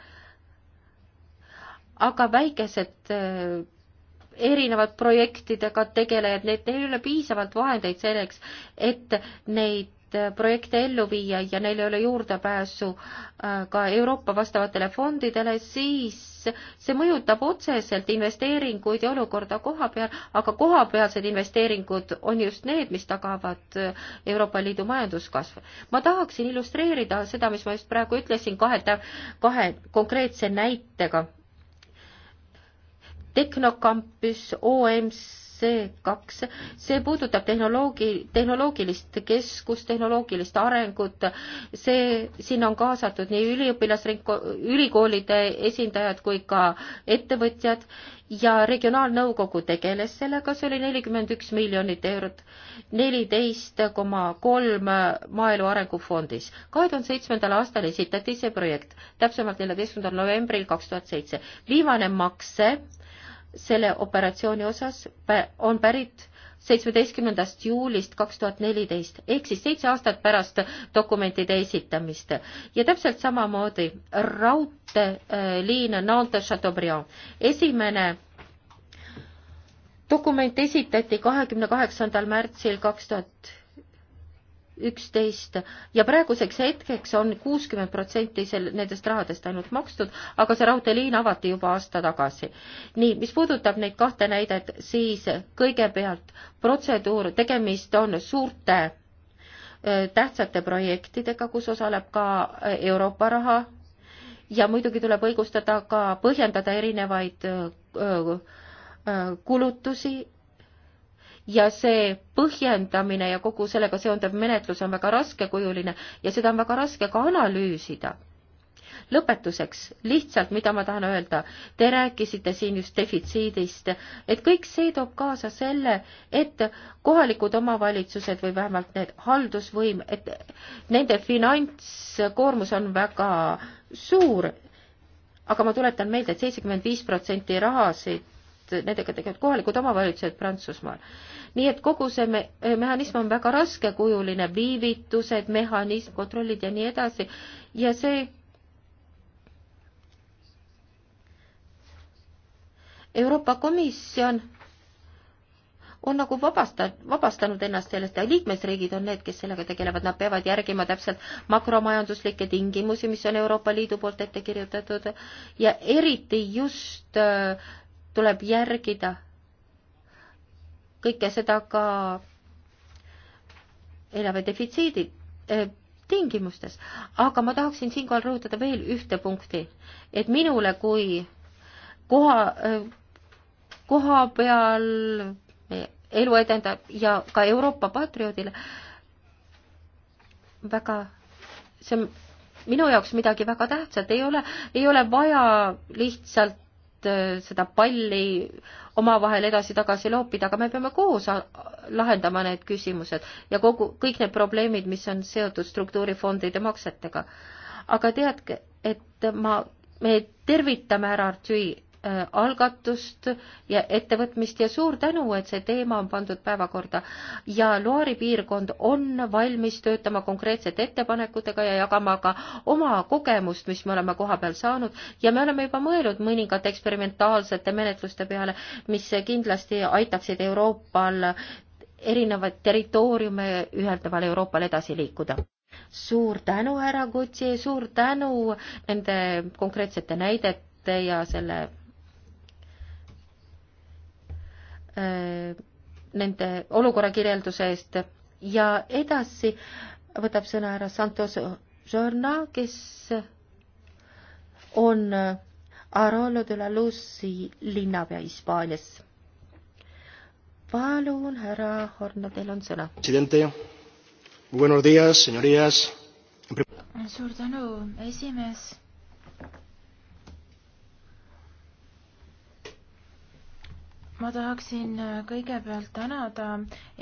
aga väikesed äh, erinevad projektidega tegelejad, need, neil ei ole piisavalt vahendeid selleks, et neid äh, projekte ellu viia ja neil ei ole juurdepääsu äh, ka Euroopa vastavatele fondidele, siis see mõjutab otseselt investeeringuid ja olukorda koha peal, aga kohapealsed investeeringud on just need, mis tagavad Euroopa Liidu majanduskasvu. ma tahaksin illustreerida seda, mis ma just praegu ütlesin, kahe, kahe konkreetse näitega Tehnokampus, OMC kaks, see puudutab tehnoloogi, tehnoloogilist keskust, tehnoloogilist arengut, see, sinna on kaasatud nii üliõpilasringko-, ülikoolide esindajad kui ka ettevõtjad ja Regionaalnõukogu tegeles sellega, see oli nelikümmend üks miljonit eurot, neliteist koma kolm Maaelu Arengufondis. kahe tuhande seitsmendal aastal esitati see projekt, täpsemalt neljateistkümnendal novembril kaks tuhat seitse. viimane makse selle operatsiooni osas on pärit seitsmeteistkümnendast juulist kaks tuhat neliteist ehk siis seitse aastat pärast dokumentide esitamist ja täpselt samamoodi raudteeliin Nantes-Chateaubriand. esimene dokument esitati kahekümne kaheksandal märtsil kaks tuhat üksteist ja praeguseks hetkeks on kuuskümmend protsenti sel-, nendest rahadest ainult makstud, aga see raudteeliin avati juba aasta tagasi. nii, mis puudutab neid kahte näidet, siis kõigepealt protseduur, tegemist on suurte tähtsate projektidega, kus osaleb ka Euroopa raha ja muidugi tuleb õigustada ka, põhjendada erinevaid kulutusi ja see põhjendamine ja kogu sellega seonduv menetlus on väga raskekujuline ja seda on väga raske ka analüüsida. lõpetuseks lihtsalt, mida ma tahan öelda, te rääkisite siin just defitsiidist, et kõik see toob kaasa selle, et kohalikud omavalitsused või vähemalt need haldusvõim, et nende finantskoormus on väga suur, aga ma tuletan meelde et, et seitsekümmend viis protsenti rahasid sest nendega tegelevad kohalikud omavalitsused Prantsusmaal. nii et kogu see me-, mehhanism on väga raskekujuline, viivitused, mehhanism, kontrollid ja nii edasi, ja see Euroopa Komisjon on nagu vabastanud, vabastanud ennast sellest ja liikmesriigid on need, kes sellega tegelevad, nad peavad järgima täpselt makromajanduslikke tingimusi, mis on Euroopa Liidu poolt ette kirjutatud ja eriti just äh, tuleb järgida kõike seda ka eelarve defitsiidi eh, tingimustes. aga ma tahaksin siinkohal rõhutada veel ühte punkti, et minule kui koha, eh, koha peal elu edendab ja ka Euroopa patrioodile väga, see on minu jaoks midagi väga tähtsat, ei ole, ei ole vaja lihtsalt Äh, seda palli omavahel edasi-tagasi loopida, aga me peame koos lahendama need küsimused ja kogu, kõik need probleemid, mis on seotud struktuurifondide maksetega. aga teadke, et ma, me tervitame härra Artüi Äh, algatust ja ettevõtmist ja suur tänu, et see teema on pandud päevakorda. ja Loari piirkond on valmis töötama konkreetsete ettepanekutega ja jagama ka oma kogemust, mis me oleme koha peal saanud ja me oleme juba mõelnud mõningate eksperimentaalsete menetluste peale, mis kindlasti aitaksid Euroopal erinevaid territooriume ühendaval Euroopal edasi liikuda suur tänu, härra Kutsi, suur tänu nende konkreetsete näidete ja selle Äh, nende olukorrakirjelduse eest ja edasi võtab sõna härra Santos Jorna, kes on Arolo de la Luz'i linnapea Hispaanias. palun, härra Horno, teil on sõna. suur tänu, esimees ma tahaksin äh, kõigepealt tänada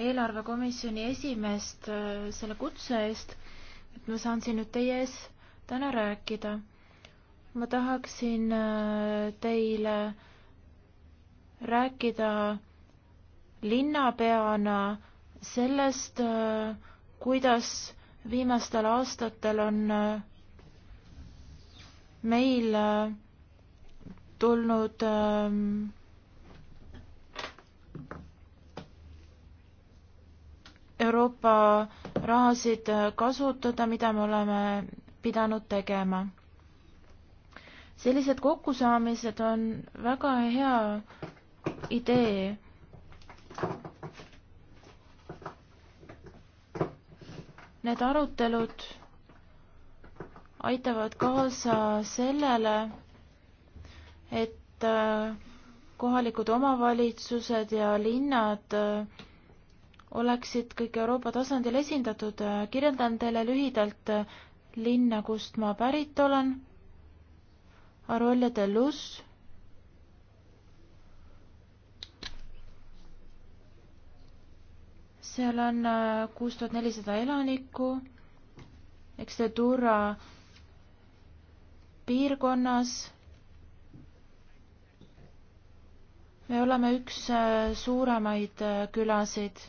eelarvekomisjoni esimeest äh, selle kutse eest, et ma saan siin nüüd teie ees täna rääkida. ma tahaksin äh, teile rääkida linnapeana sellest, kuidas viimastel aastatel on meil tulnud äh, Euroopa rahasid kasutada, mida me oleme pidanud tegema. sellised kokkusaamised on väga hea idee. Need arutelud aitavad kaasa sellele, et kohalikud omavalitsused ja linnad äh, oleksid kõik Euroopa tasandil esindatud. kirjeldan teile lühidalt linna, kust ma pärit olen. Arolja de Luz. seal on äh, kuus tuhat nelisada elanikku. eks te Tura piirkonnas me oleme üks äh, suuremaid äh, külasid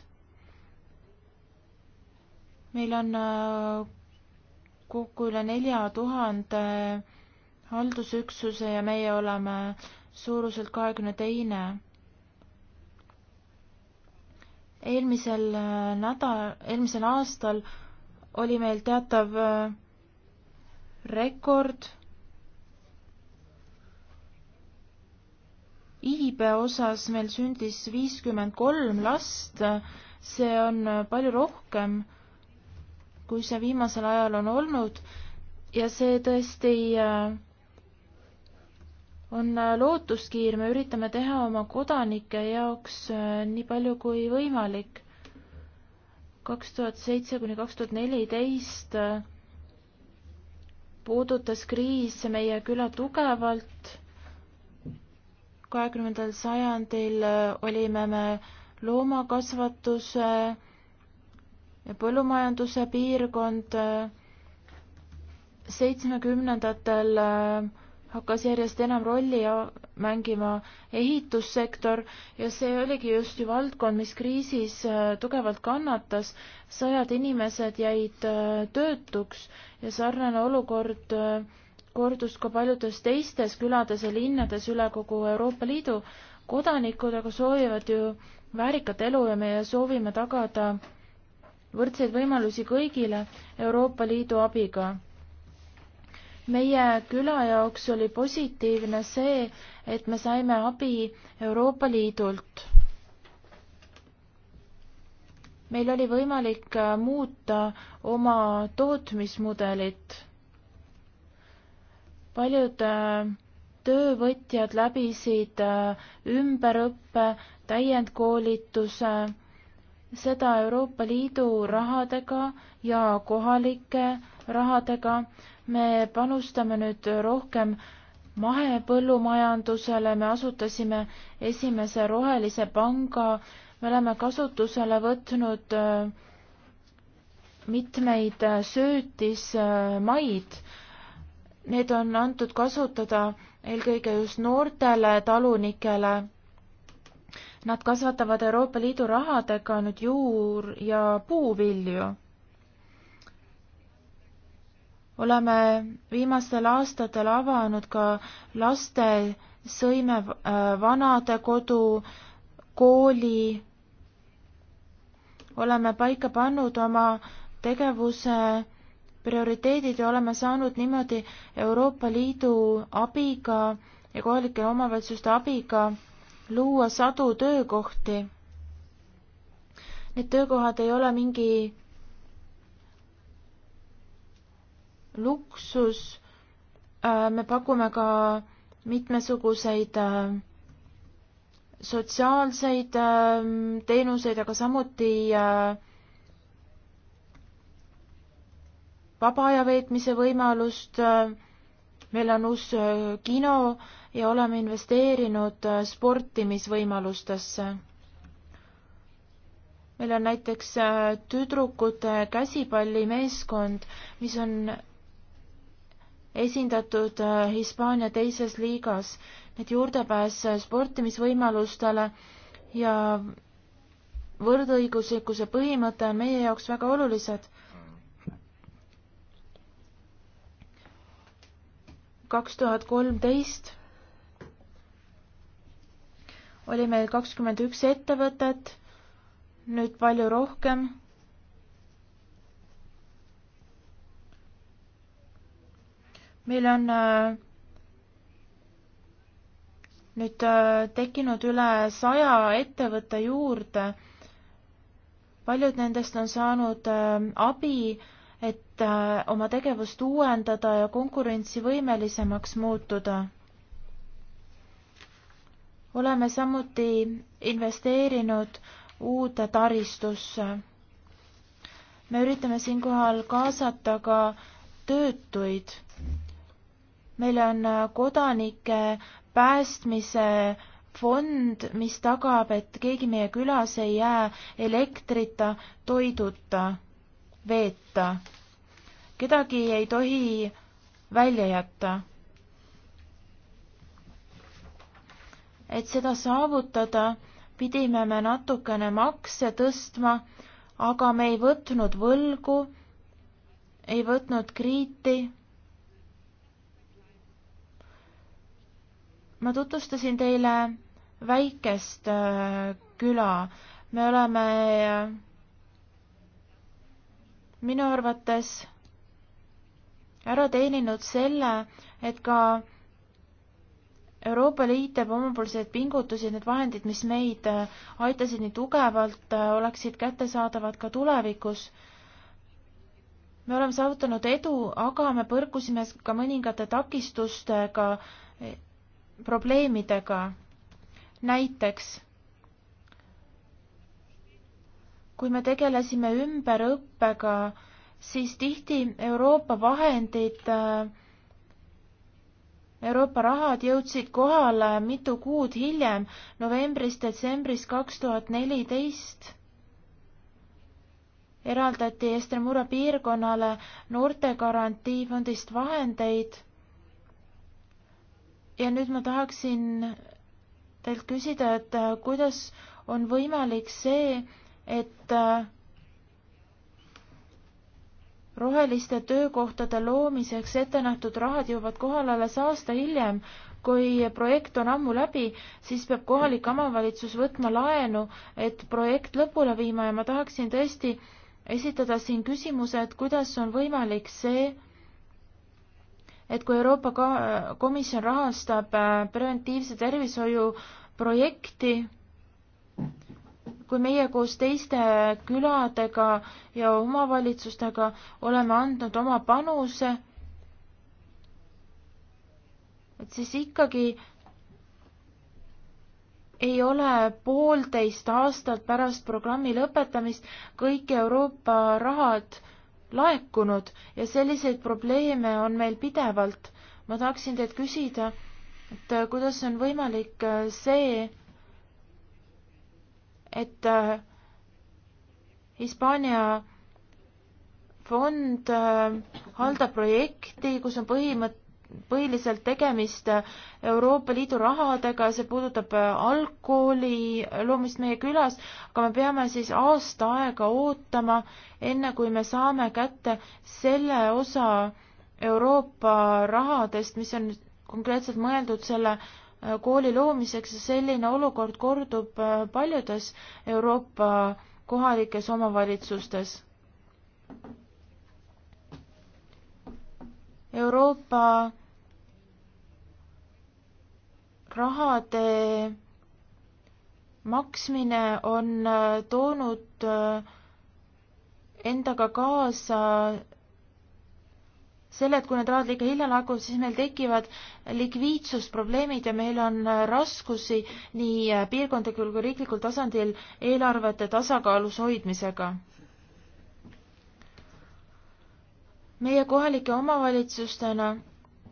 meil on äh, kokku üle nelja tuhande haldusüksuse ja meie oleme suuruselt kahekümne teine eelmisel äh, nädal, eelmisel aastal oli meil teatav äh, rekord iibe osas meil sündis viiskümmend kolm last, see on palju rohkem kui see viimasel ajal on olnud ja see tõesti äh, on äh, lootuskiir, me üritame teha oma kodanike jaoks äh, nii palju kui võimalik. kaks tuhat seitse kuni kaks tuhat neliteist puudutas kriis meie küla tugevalt. kahekümnendal sajandil olime me loomakasvatuse äh, ja põllumajanduse piirkond äh, seitsmekümnendatel äh, hakkas järjest enam rolli mängima ehitussektor ja see oligi just ju valdkond, mis kriisis äh, tugevalt kannatas. sajad inimesed jäid töötuks ja sarnane olukord kordus ka paljudes teistes külades ja linnades üle kogu Euroopa Liidu. kodanikud aga soovivad ju väärikat elu ja meie soovime tagada võrdseid võimalusi kõigile Euroopa Liidu abiga. meie küla jaoks oli positiivne see, et me saime abi Euroopa Liidult. meil oli võimalik äh, muuta oma tootmismudelit. paljud äh, töövõtjad läbisid äh, ümberõppe, täiendkoolituse seda Euroopa Liidu rahadega ja kohalike rahadega. me panustame nüüd rohkem mahepõllumajandusele, me asutasime esimese rohelise panga, me oleme kasutusele võtnud äh, mitmeid äh, söötismaid. Äh, Need on antud kasutada eelkõige just noortele talunikele Nad kasvatavad Euroopa Liidu rahadega nüüd juur- ja puuvilju. oleme viimastel aastatel avanud ka laste sõime äh, vanadekodu, kooli. oleme paika pannud oma tegevuse prioriteedid ja oleme saanud niimoodi Euroopa Liidu abiga ja kohalike omavalitsuste abiga luua sadu töökohti. Need töökohad ei ole mingi luksus. Äh, me pakume ka mitmesuguseid äh, sotsiaalseid äh, teenuseid, aga samuti vaba aja veetmise võimalust meil on uus äh, kino ja oleme investeerinud äh, sportimisvõimalustesse. meil on näiteks äh, tüdrukute käsipallimeeskond, mis on esindatud Hispaania teises liigas, et juurdepääs sportimisvõimalustele ja võrdõiguslikkuse põhimõte on meie jaoks väga olulised kaks tuhat kolmteist oli meil kakskümmend üks ettevõtet, nüüd palju rohkem. meil on äh, nüüd äh, tekkinud üle saja ettevõtte juurde. paljud nendest on saanud äh, abi äh, et äh, oma tegevust uuendada ja konkurentsivõimelisemaks muutuda. oleme samuti investeerinud uude taristusse. me üritame siinkohal kaasata ka töötuid. meil on äh, kodanike päästmise fond, mis tagab, et keegi meie külas ei jää elektrita, toiduta, veeta kedagi ei tohi välja jätta. et seda saavutada, pidime me natukene makse tõstma, aga me ei võtnud võlgu, ei võtnud kriiti ma tutvustasin teile väikest äh, küla. me oleme äh, minu arvates ära teeninud selle, et ka Euroopa Liit teeb omapoolseid pingutusi, et need vahendid, mis meid äh, aitasid nii tugevalt, äh, oleksid kättesaadavad ka tulevikus. me oleme saavutanud edu, aga me põrkusime ka mõningate takistustega, e, probleemidega. näiteks kui me tegelesime ümberõppega, siis tihti Euroopa vahendid, äh, Euroopa rahad jõudsid kohale mitu kuud hiljem, novembris-detsembris kaks tuhat neliteist eraldati Estremura piirkonnale noortegarantiifondist vahendeid. ja nüüd ma tahaksin teilt küsida, et äh, kuidas on võimalik see, et äh, roheliste töökohtade loomiseks ette nähtud rahad jõuavad kohale alles aasta hiljem. kui projekt on ammu läbi, siis peab kohalik omavalitsus võtma laenu, et projekt lõpule viima ja ma tahaksin tõesti esitada siin küsimuse, et kuidas on võimalik see, et kui Euroopa Komisjon rahastab äh, preventiivse tervishoiu projekti, kui meie koos teiste küladega ja omavalitsustega oleme andnud oma panuse, et siis ikkagi ei ole poolteist aastat pärast programmi lõpetamist kõik Euroopa rahad laekunud ja selliseid probleeme on meil pidevalt. ma tahaksin teilt küsida, et kuidas on võimalik see, et äh, Hispaania fond äh, haldab projekti, kus on põhimõte, põhiliselt tegemist äh, Euroopa Liidu rahadega, see puudutab algkooli loomist meie külas, aga me peame siis aasta aega ootama, enne kui me saame kätte selle osa Euroopa rahadest, mis on konkreetselt mõeldud selle kooli loomiseks ja selline olukord kordub äh, paljudes Euroopa kohalikes omavalitsustes. Euroopa rahade maksmine on äh, toonud äh, endaga kaasa selle, et kui need rahad liiga hilja laekuvad, siis meil tekivad likviidsusprobleemid ja meil on äh, raskusi nii äh, piirkondlikul kui riiklikul tasandil eelarvete tasakaalus hoidmisega. meie kohalike omavalitsustena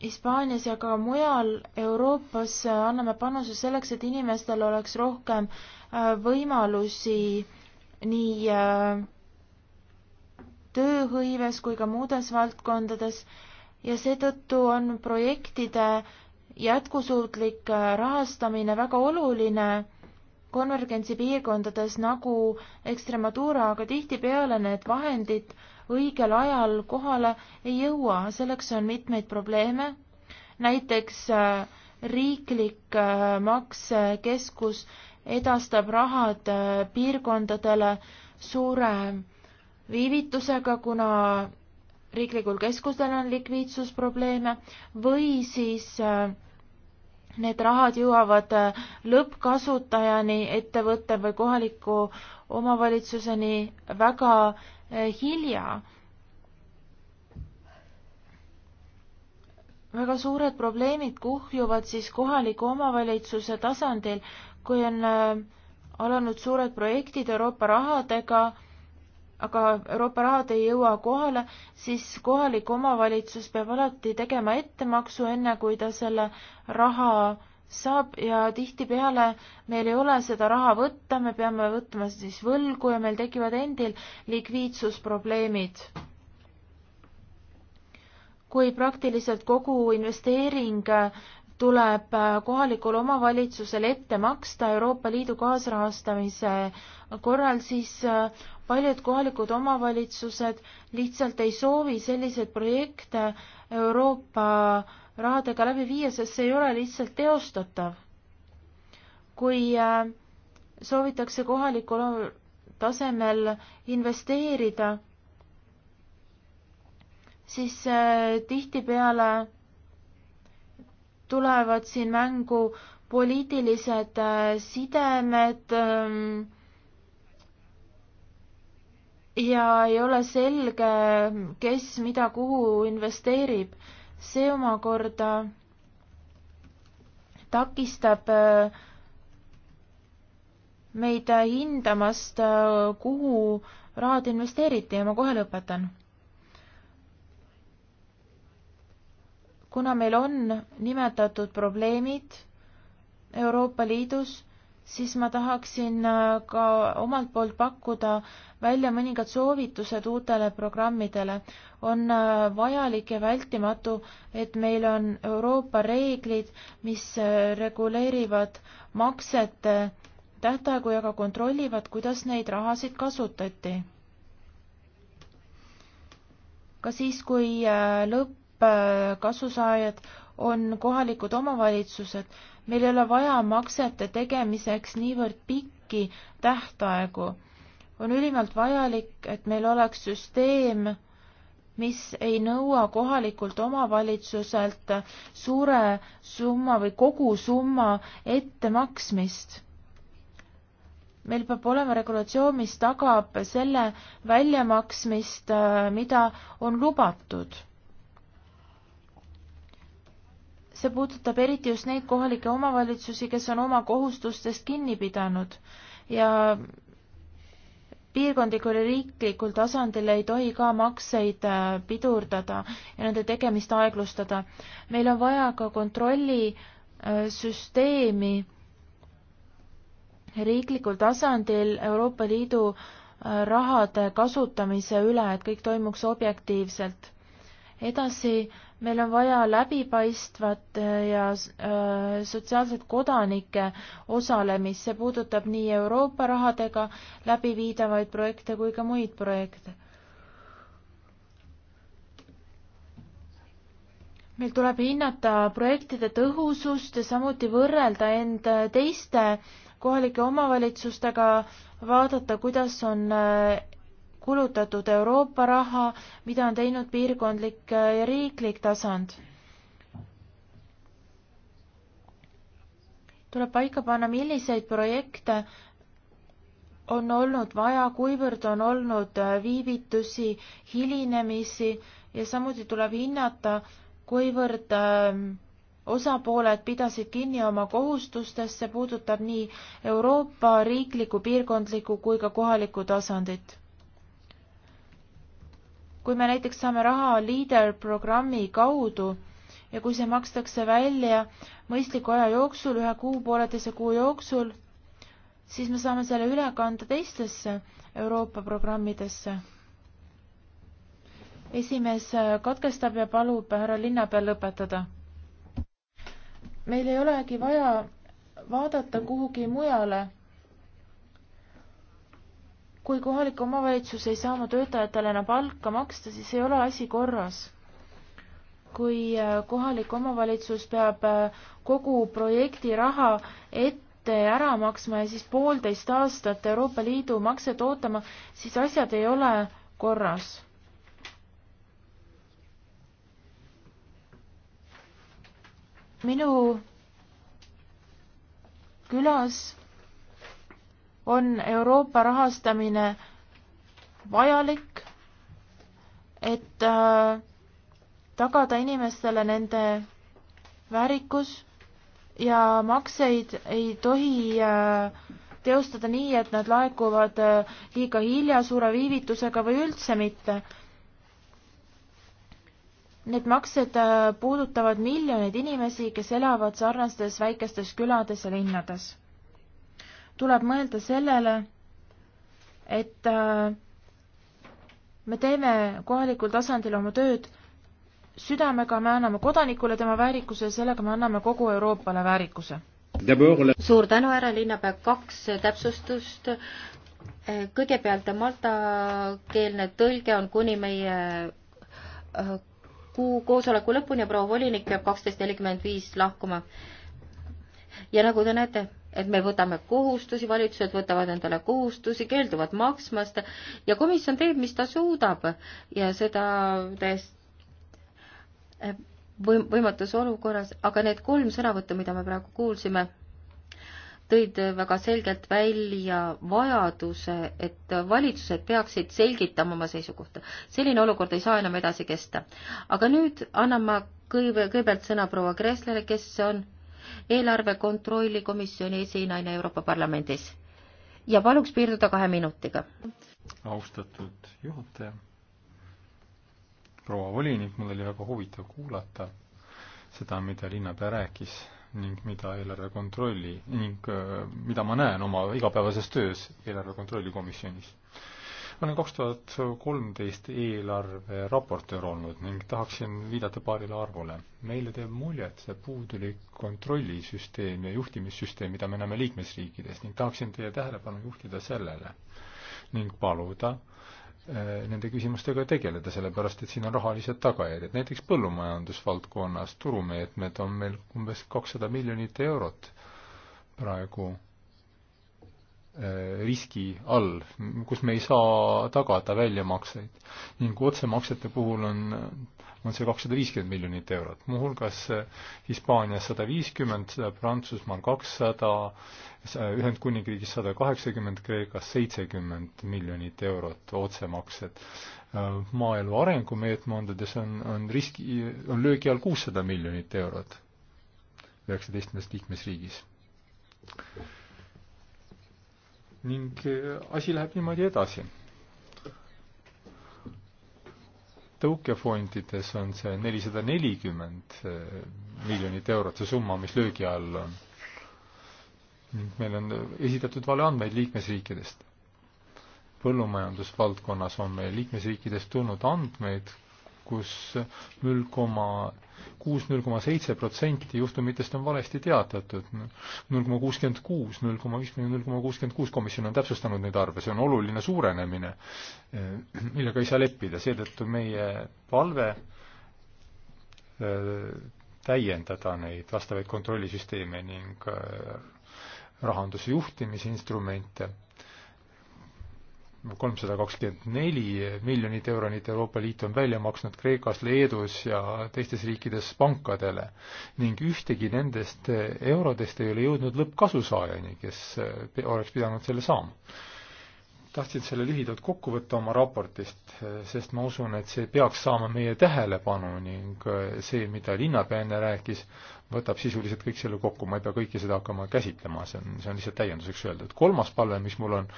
Hispaanias ja ka mujal Euroopas äh, anname panuse selleks, et inimestel oleks rohkem võimalusi nii tööhõives kui ka muudes valdkondades ja seetõttu on projektide jätkusuutlik rahastamine väga oluline konvergentsi piirkondades nagu Extremadura, aga tihtipeale need vahendid õigel ajal kohale ei jõua, selleks on mitmeid probleeme. näiteks äh, riiklik äh, maksekeskus edastab rahad äh, piirkondadele suure viivitusega, kuna riiklikul keskusel on likviidsusprobleeme või siis äh, need rahad jõuavad äh, lõppkasutajani, ettevõtte või kohaliku omavalitsuseni väga äh, hilja. väga suured probleemid kuhjuvad siis kohaliku omavalitsuse tasandil, kui on alanud suured projektid Euroopa rahadega aga Euroopa rahad ei jõua kohale, siis kohalik omavalitsus peab alati tegema ettemaksu, enne kui ta selle raha saab ja tihtipeale meil ei ole seda raha võtta, me peame võtma siis võlgu ja meil tekivad endil likviidsusprobleemid. kui praktiliselt kogu investeering tuleb äh, kohalikul omavalitsusel ette maksta Euroopa Liidu kaasrahastamise korral, siis äh, paljud kohalikud omavalitsused lihtsalt ei soovi selliseid projekte Euroopa rahadega läbi viia, sest see ei ole lihtsalt teostatav. kui äh, soovitakse kohalikul tasemel investeerida, siis tihtipeale tulevad siin mängu poliitilised äh, sidemed ähm, ja ei ole selge, kes mida kuhu investeerib. see omakorda takistab äh, meid hindamast, äh, kuhu rahad investeeriti ja ma kohe lõpetan kuna meil on nimetatud probleemid Euroopa Liidus, siis ma tahaksin äh, ka omalt poolt pakkuda välja mõningad soovitused uutele programmidele. on äh, vajalik ja vältimatu, et meil on Euroopa reeglid, mis äh, reguleerivad maksete tähtaegu ja ka kontrollivad, kuidas neid rahasid kasutati. ka siis, kui lõpp lõppkasusaajad äh, on kohalikud omavalitsused. meil ei ole vaja maksete tegemiseks niivõrd pikki tähtaegu. on ülimalt vajalik, et meil oleks süsteem, mis ei nõua kohalikult omavalitsuselt suure summa või kogu summa ettemaksmist. meil peab olema regulatsioon, mis tagab selle väljamaksmist, äh, mida on lubatud see puudutab eriti just neid kohalikke omavalitsusi, kes on oma kohustustest kinni pidanud ja piirkondlikul ja riiklikul tasandil ei tohi ka makseid äh, pidurdada ja nende tegemist aeglustada. meil on vaja ka kontrollisüsteemi äh, riiklikul tasandil Euroopa Liidu äh, rahade kasutamise üle, et kõik toimuks objektiivselt. edasi meil on vaja läbipaistvat äh, ja äh, sotsiaalset kodanike osalemist, see puudutab nii Euroopa rahadega läbiviidavaid projekte kui ka muid projekte. meil tuleb hinnata projektide tõhusust ja samuti võrrelda end teiste kohalike omavalitsustega, vaadata, kuidas on äh, kulutatud Euroopa raha, mida on teinud piirkondlik ja riiklik tasand. tuleb paika panna, milliseid projekte on olnud vaja, kuivõrd on olnud viivitusi, hilinemisi ja samuti tuleb hinnata, kuivõrd ähm, osapooled pidasid kinni oma kohustustest, see puudutab nii Euroopa riiklikku, piirkondlikku kui ka kohalikku tasandit kui me näiteks saame raha Leader programmi kaudu ja kui see makstakse välja mõistliku aja jooksul, ühe kuu, pooleteise kuu jooksul, siis me saame selle üle kanda teistesse Euroopa programmidesse. esimees katkestab ja palub härra linnapeal lõpetada. meil ei olegi vaja vaadata kuhugi mujale kui kohalik omavalitsus ei saa oma töötajatele enam palka maksta, siis ei ole asi korras. kui äh, kohalik omavalitsus peab äh, kogu projekti raha ette ära maksma ja siis poolteist aastat Euroopa Liidu makset ootama, siis asjad ei ole korras minu külas on Euroopa rahastamine vajalik, et äh, tagada inimestele nende väärikus ja makseid ei tohi äh, teostada nii, et nad laekuvad äh, liiga hilja, suure viivitusega või üldse mitte. Need maksed puudutavad miljoneid inimesi, kes elavad sarnastes väikestes külades ja linnades tuleb mõelda sellele, et äh, me teeme kohalikul tasandil oma tööd südamega, me anname kodanikule tema väärikuse ja sellega me anname kogu Euroopale väärikuse. suur tänu, härra linnapea, kaks täpsustust kõigepealt maltakeelne tõlge on kuni meie äh, kuu koosoleku lõpuni ja proua volinik peab kaksteist nelikümmend viis lahkuma. ja nagu te näete, et me võtame kohustusi, valitsused võtavad endale kohustusi, keelduvad maksmast ja komisjon teeb, mis ta suudab ja seda täiesti eh, võim-, võimatus olukorras, aga need kolm sõnavõttu, mida me praegu kuulsime, tõid väga selgelt välja vajaduse, et valitsused peaksid selgitama oma seisukohta. selline olukord ei saa enam edasi kesta. aga nüüd annan ma kõigepealt sõna proua Kresslale, kes on eelarve kontrolli komisjoni esinaine Euroopa Parlamendis. ja paluks piirduda kahe minutiga. austatud juhataja, proua volinik, mul oli väga huvitav kuulata seda, mida linnapea rääkis ning mida eelarve kontrolli ning äh, mida ma näen oma igapäevases töös eelarve kontrolli komisjonis ma olen kaks tuhat kolmteist eelarve raportöör olnud ning tahaksin viidata paarile arvule. meile teeb muljet see puudulik kontrollisüsteem ja juhtimissüsteem, mida me näeme liikmesriikides ning tahaksin teie tähelepanu juhtida sellele ning paluda eh, nende küsimustega tegeleda, sellepärast et siin on rahalised tagajärjed. näiteks põllumajandusvaldkonnas turumeetmed on meil umbes kakssada miljonit eurot praegu Äh, riski all, kus me ei saa tagada väljamakseid. ning otsemaksete puhul on, on see kakssada viiskümmend miljonit eurot, muuhulgas äh, Hispaanias sada viiskümmend, Prantsusmaal kakssada, Ühendkuningriigis sada kaheksakümmend, Kreekas seitsekümmend miljonit eurot otsemaksed. Äh, maaelu arengumeetmondades on, on riski, on löögi all kuussada miljonit eurot üheksateistkümnes liikmesriigis ning äh, asi läheb niimoodi edasi. tõukefondides on see nelisada nelikümmend äh, miljonit eurot, see summa, mis löögi all on. ning meil on äh, esitatud valeandmeid liikmesriikidest. põllumajandusvaldkonnas on meil liikmesriikidest tulnud andmeid, kus null koma kuus, null koma seitse protsenti juhtumitest on valesti teatatud. null koma kuuskümmend kuus, null koma viiskümmend, null koma kuuskümmend kuus komisjon on täpsustanud neid arve, see on oluline suurenemine, millega ei saa leppida, seetõttu meie palve äh, täiendada neid vastavaid kontrollisüsteeme ning äh, rahanduse juhtimise instrumente kolmsada kakskümmend neli miljonit euronit Euroopa Liit on välja maksnud Kreekas, Leedus ja teistes riikides pankadele ning ühtegi nendest eurodest ei ole jõudnud lõppkasusaajani, kes oleks pidanud selle saama. tahtsin selle lühidalt kokku võtta oma raportist, sest ma usun, et see peaks saama meie tähelepanu ning see, mida linnapea enne rääkis, võtab sisuliselt kõik selle kokku, ma ei pea kõike seda hakkama käsitlema, see on, see on lihtsalt täienduseks öeldud. kolmas palve, mis mul on,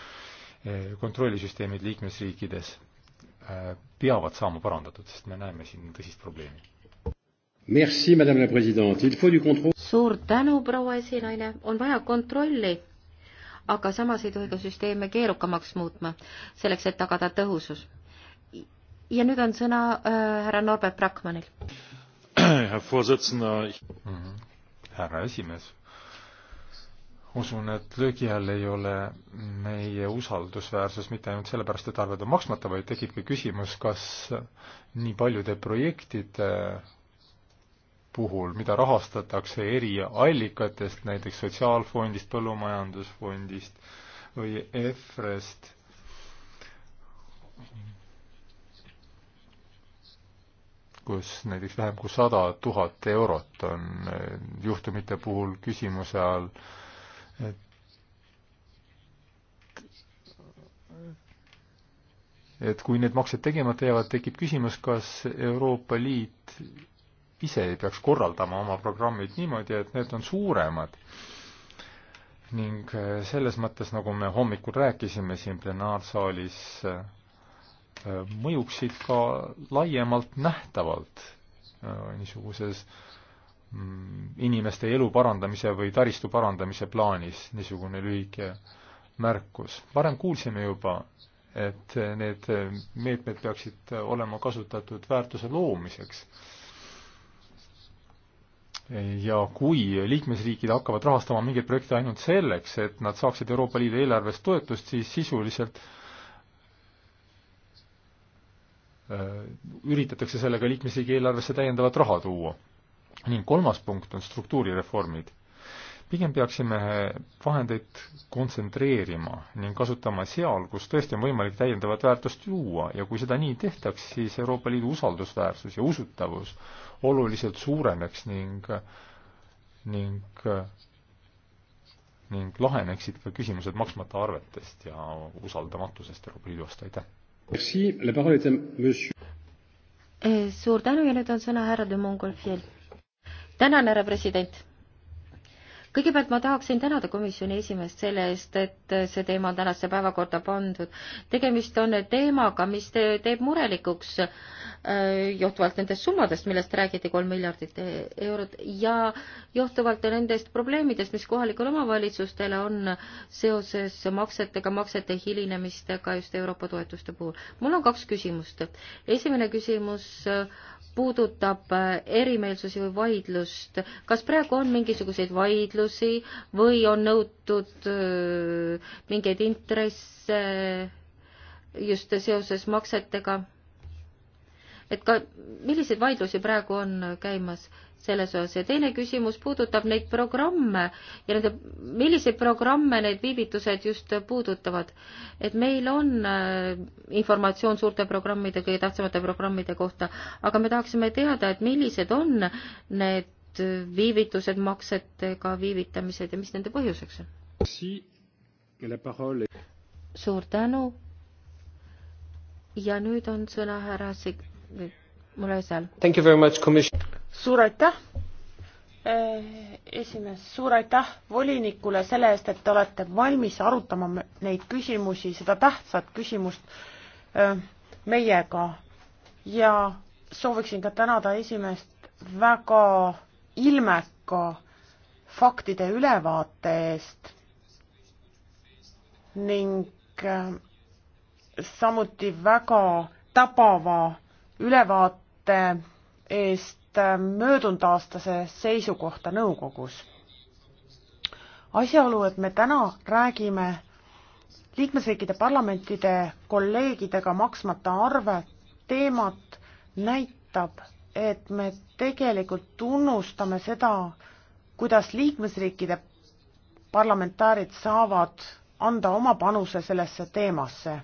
Eh, kontrollisüsteemid liikmesriikides eh, peavad saama parandatud, sest me näeme siin tõsist probleemi. Merci, madame la présidente, il faut du contrôle. suur tänu, proua esinaine, on vaja kontrolli, aga samas ei tohi ka süsteeme keerukamaks muutma, selleks et tagada tõhusus. ja nüüd on sõna äh, härra Norbert Brackmannil. Mhm. härra esimees usun, et löögi all ei ole meie usaldusväärsus mitte ainult sellepärast, et arved on maksmata, vaid tekib ka küsimus, kas nii paljude projektide puhul, mida rahastatakse eri allikatest, näiteks Sotsiaalfondist, Põllumajandusfondist või EFRE-st, kus näiteks vähem kui sada tuhat eurot on juhtumite puhul küsimuse all et et kui need maksed tegemata jäävad, tekib küsimus, kas Euroopa Liit ise ei peaks korraldama oma programmid niimoodi, et need on suuremad. ning äh, selles mõttes, nagu me hommikul rääkisime siin plenaarsaalis, äh, mõjuksid ka laiemalt nähtavalt äh, niisuguses äh, Mm, inimeste elu parandamise või taristu parandamise plaanis, niisugune lühike märkus. varem kuulsime juba, et need meetmed peaksid olema kasutatud väärtuse loomiseks. ja kui liikmesriigid hakkavad rahastama mingeid projekte ainult selleks, et nad saaksid Euroopa Liidu eelarvest toetust, siis sisuliselt äh, üritatakse sellega liikmesriigi eelarvesse täiendavat raha tuua ning kolmas punkt on struktuurireformid. pigem peaksime vahendeid kontsentreerima ning kasutama seal, kus tõesti on võimalik täiendavat väärtust luua ja kui seda nii tehtaks, siis Euroopa Liidu usaldusväärsus ja usutavus oluliselt suureneks ning, ning ning laheneksid ka küsimused maksmata arvetest ja usaldamatusest Euroopa Liidu vastu, aitäh! Eh, suur tänu ja nüüd on sõna härra de Montgolfiel tänan, härra president! kõigepealt ma tahaksin tänada komisjoni esimeest selle eest, et see teema on tänasse päevakorda pandud. tegemist on teemaga, mis teeb murelikuks äh, johtuvalt nendest summadest, millest räägiti, kolm miljardit e-, eurot, ja johtuvalt nendest probleemidest, mis kohalikele omavalitsustele on seoses maksetega, maksete hilinemistega just Euroopa toetuste puhul. mul on kaks küsimust. esimene küsimus puudutab äh, erimeelsusi või vaidlust, kas praegu on mingisuguseid vaidlusi või on nõutud äh, mingeid intresse just seoses maksetega? et ka, milliseid vaidlusi praegu on käimas selles osas ja teine küsimus puudutab neid programme ja nende, milliseid programme need viivitused just puudutavad. et meil on äh, informatsioon suurte programmide, kõige tähtsamate programmide kohta, aga me tahaksime teada, et millised on need viivitused, maksetega viivitamised ja mis nende põhjuseks on? suur tänu. ja nüüd on sõna härra Sig-, mul oli seal. suur aitäh, eh, esimees, suur aitäh volinikule selle eest, et te olete valmis arutama neid küsimusi, seda tähtsat küsimust eh, meiega ja sooviksin ka tänada esimest väga ilmeka faktide ülevaate eest ning eh, samuti väga tabava ülevaate eest möödunud aastase seisukohta nõukogus. asjaolu, et me täna räägime liikmesriikide parlamentide kolleegidega maksmata arve teemat, näitab, et me tegelikult tunnustame seda, kuidas liikmesriikide parlamentaarid saavad anda oma panuse sellesse teemasse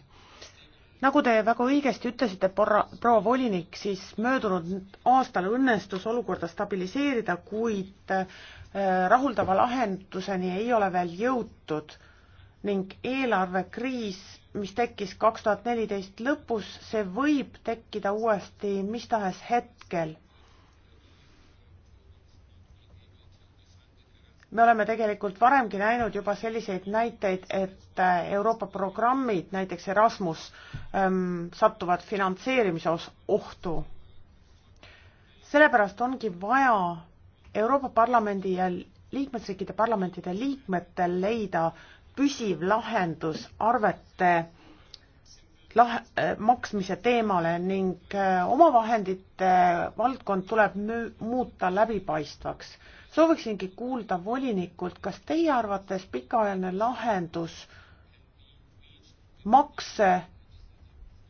nagu te väga õigesti ütlesite, proua volinik, siis möödunud aastal õnnestus olukorda stabiliseerida, kuid äh, rahuldava lahenduseni ei ole veel jõutud ning eelarvekriis, mis tekkis kaks tuhat neliteist lõpus, see võib tekkida uuesti mis tahes hetkel. me oleme tegelikult varemgi näinud juba selliseid näiteid, et äh, Euroopa programmid, näiteks Erasmus, ähm, satuvad finantseerimise ohtu. sellepärast ongi vaja Euroopa Parlamendi ja liikmesriikide parlamentide liikmetel leida püsiv lahendus arvete lah-, äh, maksmise teemale ning äh, omavahendite valdkond tuleb muuta läbipaistvaks sooviksingi kuulda volinikult, kas teie arvates pikaajaline lahendus makse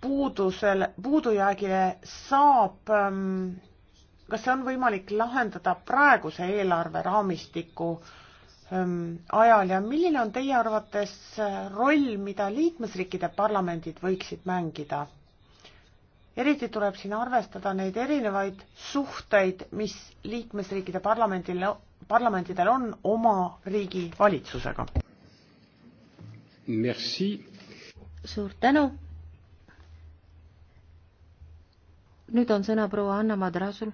puudusel, puudujäägile saab ähm, kas see on võimalik lahendada praeguse eelarveraamistiku ähm, ajal ja milline on teie arvates äh, roll, mida liikmesriikide parlamendid võiksid mängida? eriti tuleb siin arvestada neid erinevaid suhteid, mis liikmesriikide parlamendil, parlamentidel on oma riigi valitsusega. suur tänu. nüüd on sõna proua Anna Madrasul.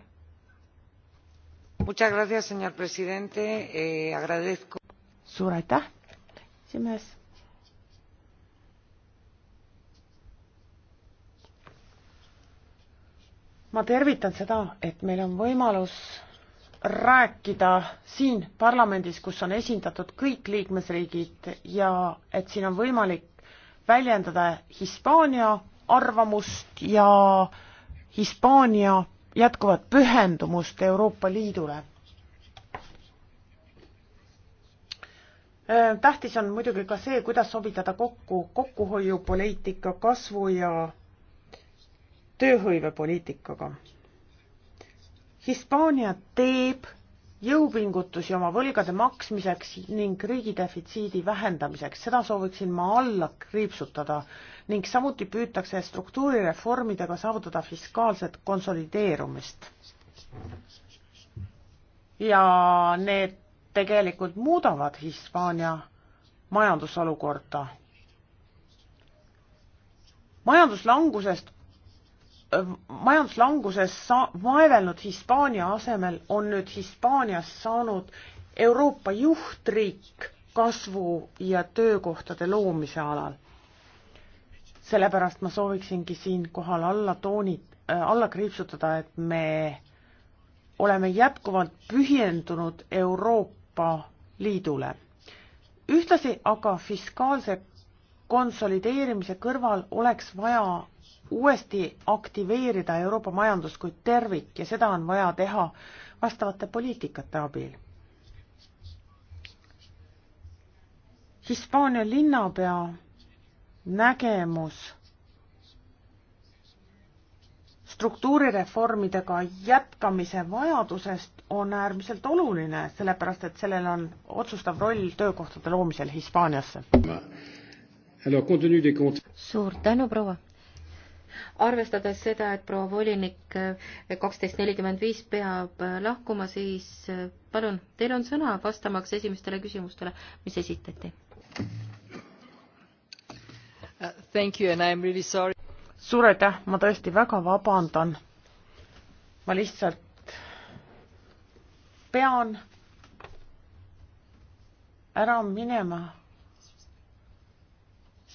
Eh, suur aitäh, esimees ma tervitan seda, et meil on võimalus rääkida siin parlamendis, kus on esindatud kõik liikmesriigid ja et siin on võimalik väljendada Hispaania arvamust ja Hispaania jätkuvat pühendumust Euroopa Liidule. tähtis on muidugi ka see, kuidas sobitada kokku kokkuhoiupoliitika kasvu ja tööhõivepoliitikaga. Hispaania teeb jõupingutusi oma võlgade maksmiseks ning riigi defitsiidi vähendamiseks, seda sooviksin ma alla kriipsutada ning samuti püütakse struktuurireformidega saavutada fiskaalset konsolideerumist. ja need tegelikult muudavad Hispaania majandusolukorda. majanduslangusest majanduslanguses sa-, vaevelnud Hispaania asemel on nüüd Hispaaniast saanud Euroopa juhtriik kasvu ja töökohtade loomise alal. sellepärast ma sooviksingi siinkohal alla toonit-, äh, alla kriipsutada, et me oleme jätkuvalt pühendunud Euroopa Liidule. ühtlasi aga fiskaalse konsolideerimise kõrval oleks vaja uuesti aktiveerida Euroopa majandust kui tervik ja seda on vaja teha vastavate poliitikate abil. Hispaania linnapea nägemus struktuurireformidega jätkamise vajadusest on äärmiselt oluline, sellepärast et sellel on otsustav roll töökohtade loomisel Hispaaniasse. suur tänu, proua arvestades seda, et proua volinik eh, kaksteist nelikümmend viis peab eh, lahkuma, siis eh, palun, teil on sõna vastamaks esimestele küsimustele, mis esitati. Uh, thank you and I am really sorry. suur aitäh, ma tõesti väga vabandan. ma lihtsalt pean ära minema,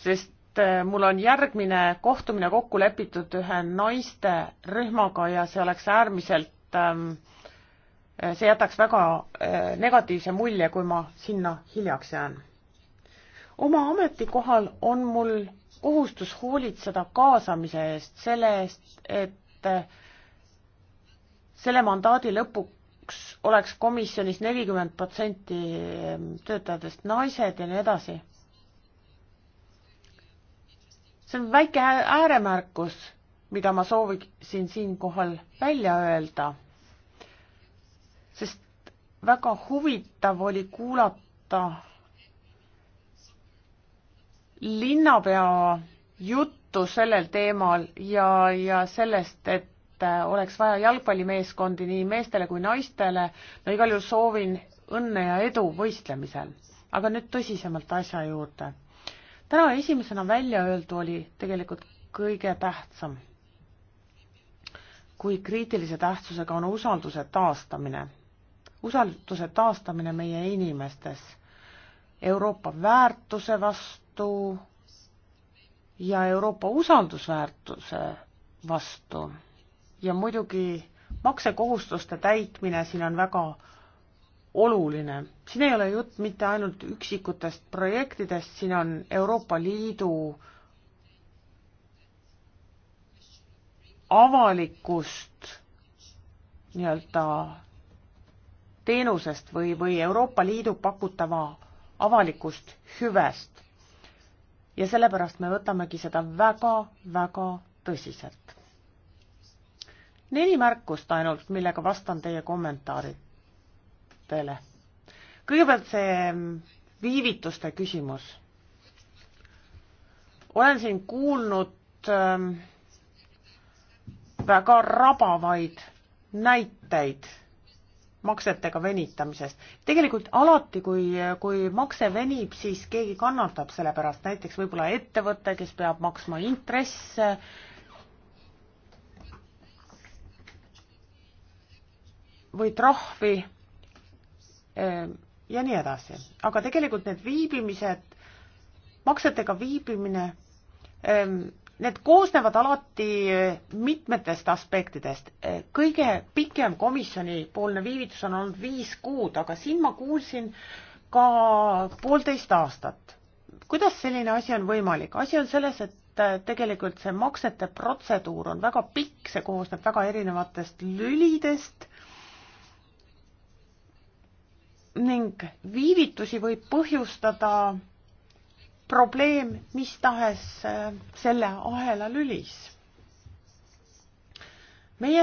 sest et eh, mul on järgmine kohtumine kokku lepitud ühe naiste rühmaga ja see oleks äärmiselt ähm, see jätaks väga eh, negatiivse mulje, kui ma sinna hiljaks jään. oma ametikohal on mul kohustus hoolitseda kaasamise eest, selle eest, et selle mandaadi lõpuks oleks komisjonis nelikümmend protsenti ehm, töötajatest naised ja nii edasi see on väike ääremärkus, mida ma sooviksin siinkohal välja öelda. sest väga huvitav oli kuulata linnapea juttu sellel teemal ja, ja sellest, et oleks vaja jalgpallimeeskondi nii meestele kui naistele. no igal juhul soovin õnne ja edu võistlemisel. aga nüüd tõsisemalt asja juurde täna esimesena välja öeldu oli tegelikult kõige tähtsam. kui kriitilise tähtsusega on usalduse taastamine, usalduse taastamine meie inimestes Euroopa väärtuse vastu ja Euroopa usaldusväärtuse vastu ja muidugi maksekohustuste täitmine siin on väga oluline siin ei ole jutt mitte ainult üksikutest projektidest, siin on Euroopa Liidu avalikust nii-öelda teenusest või, või Euroopa Liidu pakutava avalikust hüvest. ja sellepärast me võtamegi seda väga-väga tõsiselt. neli märkust ainult, millega vastan teie kommentaaridele kõigepealt see viivituste küsimus. olen siin kuulnud ähm, väga rabavaid näiteid maksetega venitamisest. tegelikult alati, kui, kui makse venib, siis keegi kannatab selle pärast, näiteks võib-olla ettevõte, kes peab maksma intresse. või trahvi ähm, ja nii edasi. aga tegelikult need viibimised, maksetega viibimine, ehm, need koosnevad alati eh, mitmetest aspektidest. Eh, kõige pikem komisjonipoolne viivitus on olnud viis kuud, aga siin ma kuulsin ka poolteist aastat. kuidas selline asi on võimalik? asi on selles, et eh, tegelikult see maksete protseduur on väga pikk, see koosneb väga erinevatest lülidest ning viivitusi võib põhjustada probleem mis tahes äh, selle ahela lülis. meie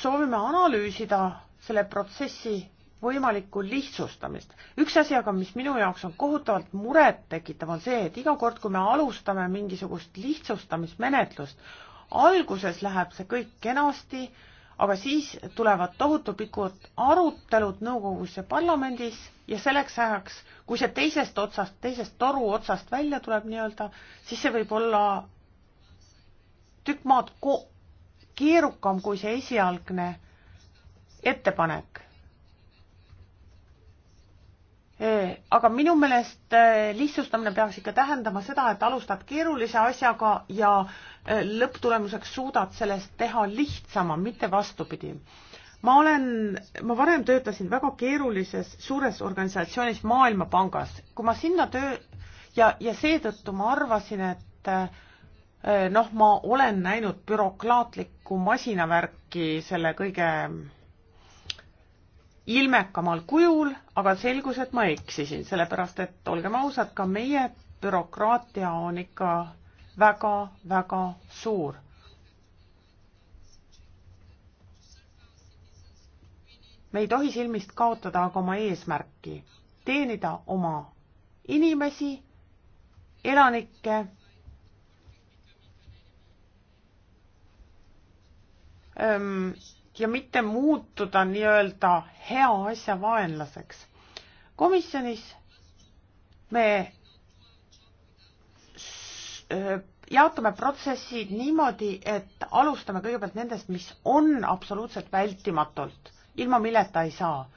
soovime analüüsida selle protsessi võimalikku lihtsustamist. üks asi aga, mis minu jaoks on kohutavalt murettekitav, on see, et iga kord, kui me alustame mingisugust lihtsustamismenetlust, alguses läheb see kõik kenasti, aga siis tulevad tohutu pikud arutelud nõukogus ja parlamendis ja selleks ajaks, kui see teisest otsast, teisest toru otsast välja tuleb nii-öelda, siis see võib olla tükk maad ko-, keerukam kui see esialgne ettepanek aga minu meelest lihtsustamine peaks ikka tähendama seda, et alustad keerulise asjaga ja lõpptulemuseks suudad sellest teha lihtsama, mitte vastupidi. ma olen, ma varem töötasin väga keerulises suures organisatsioonis Maailmapangas, kui ma sinna töö ja, ja seetõttu ma arvasin, et noh, ma olen näinud bürokraatlikku masinavärki selle kõige ilmekamal kujul, aga selgus, et ma eksisin, sellepärast et olgem ausad, ka meie bürokraatia on ikka väga-väga suur. me ei tohi silmist kaotada aga oma eesmärki, teenida oma inimesi, elanikke ähm, ja mitte muutuda nii-öelda hea asja vaenlaseks. komisjonis me äh, jaotame protsessid niimoodi, et alustame kõigepealt nendest, mis on absoluutselt vältimatult, ilma milleta ei saa.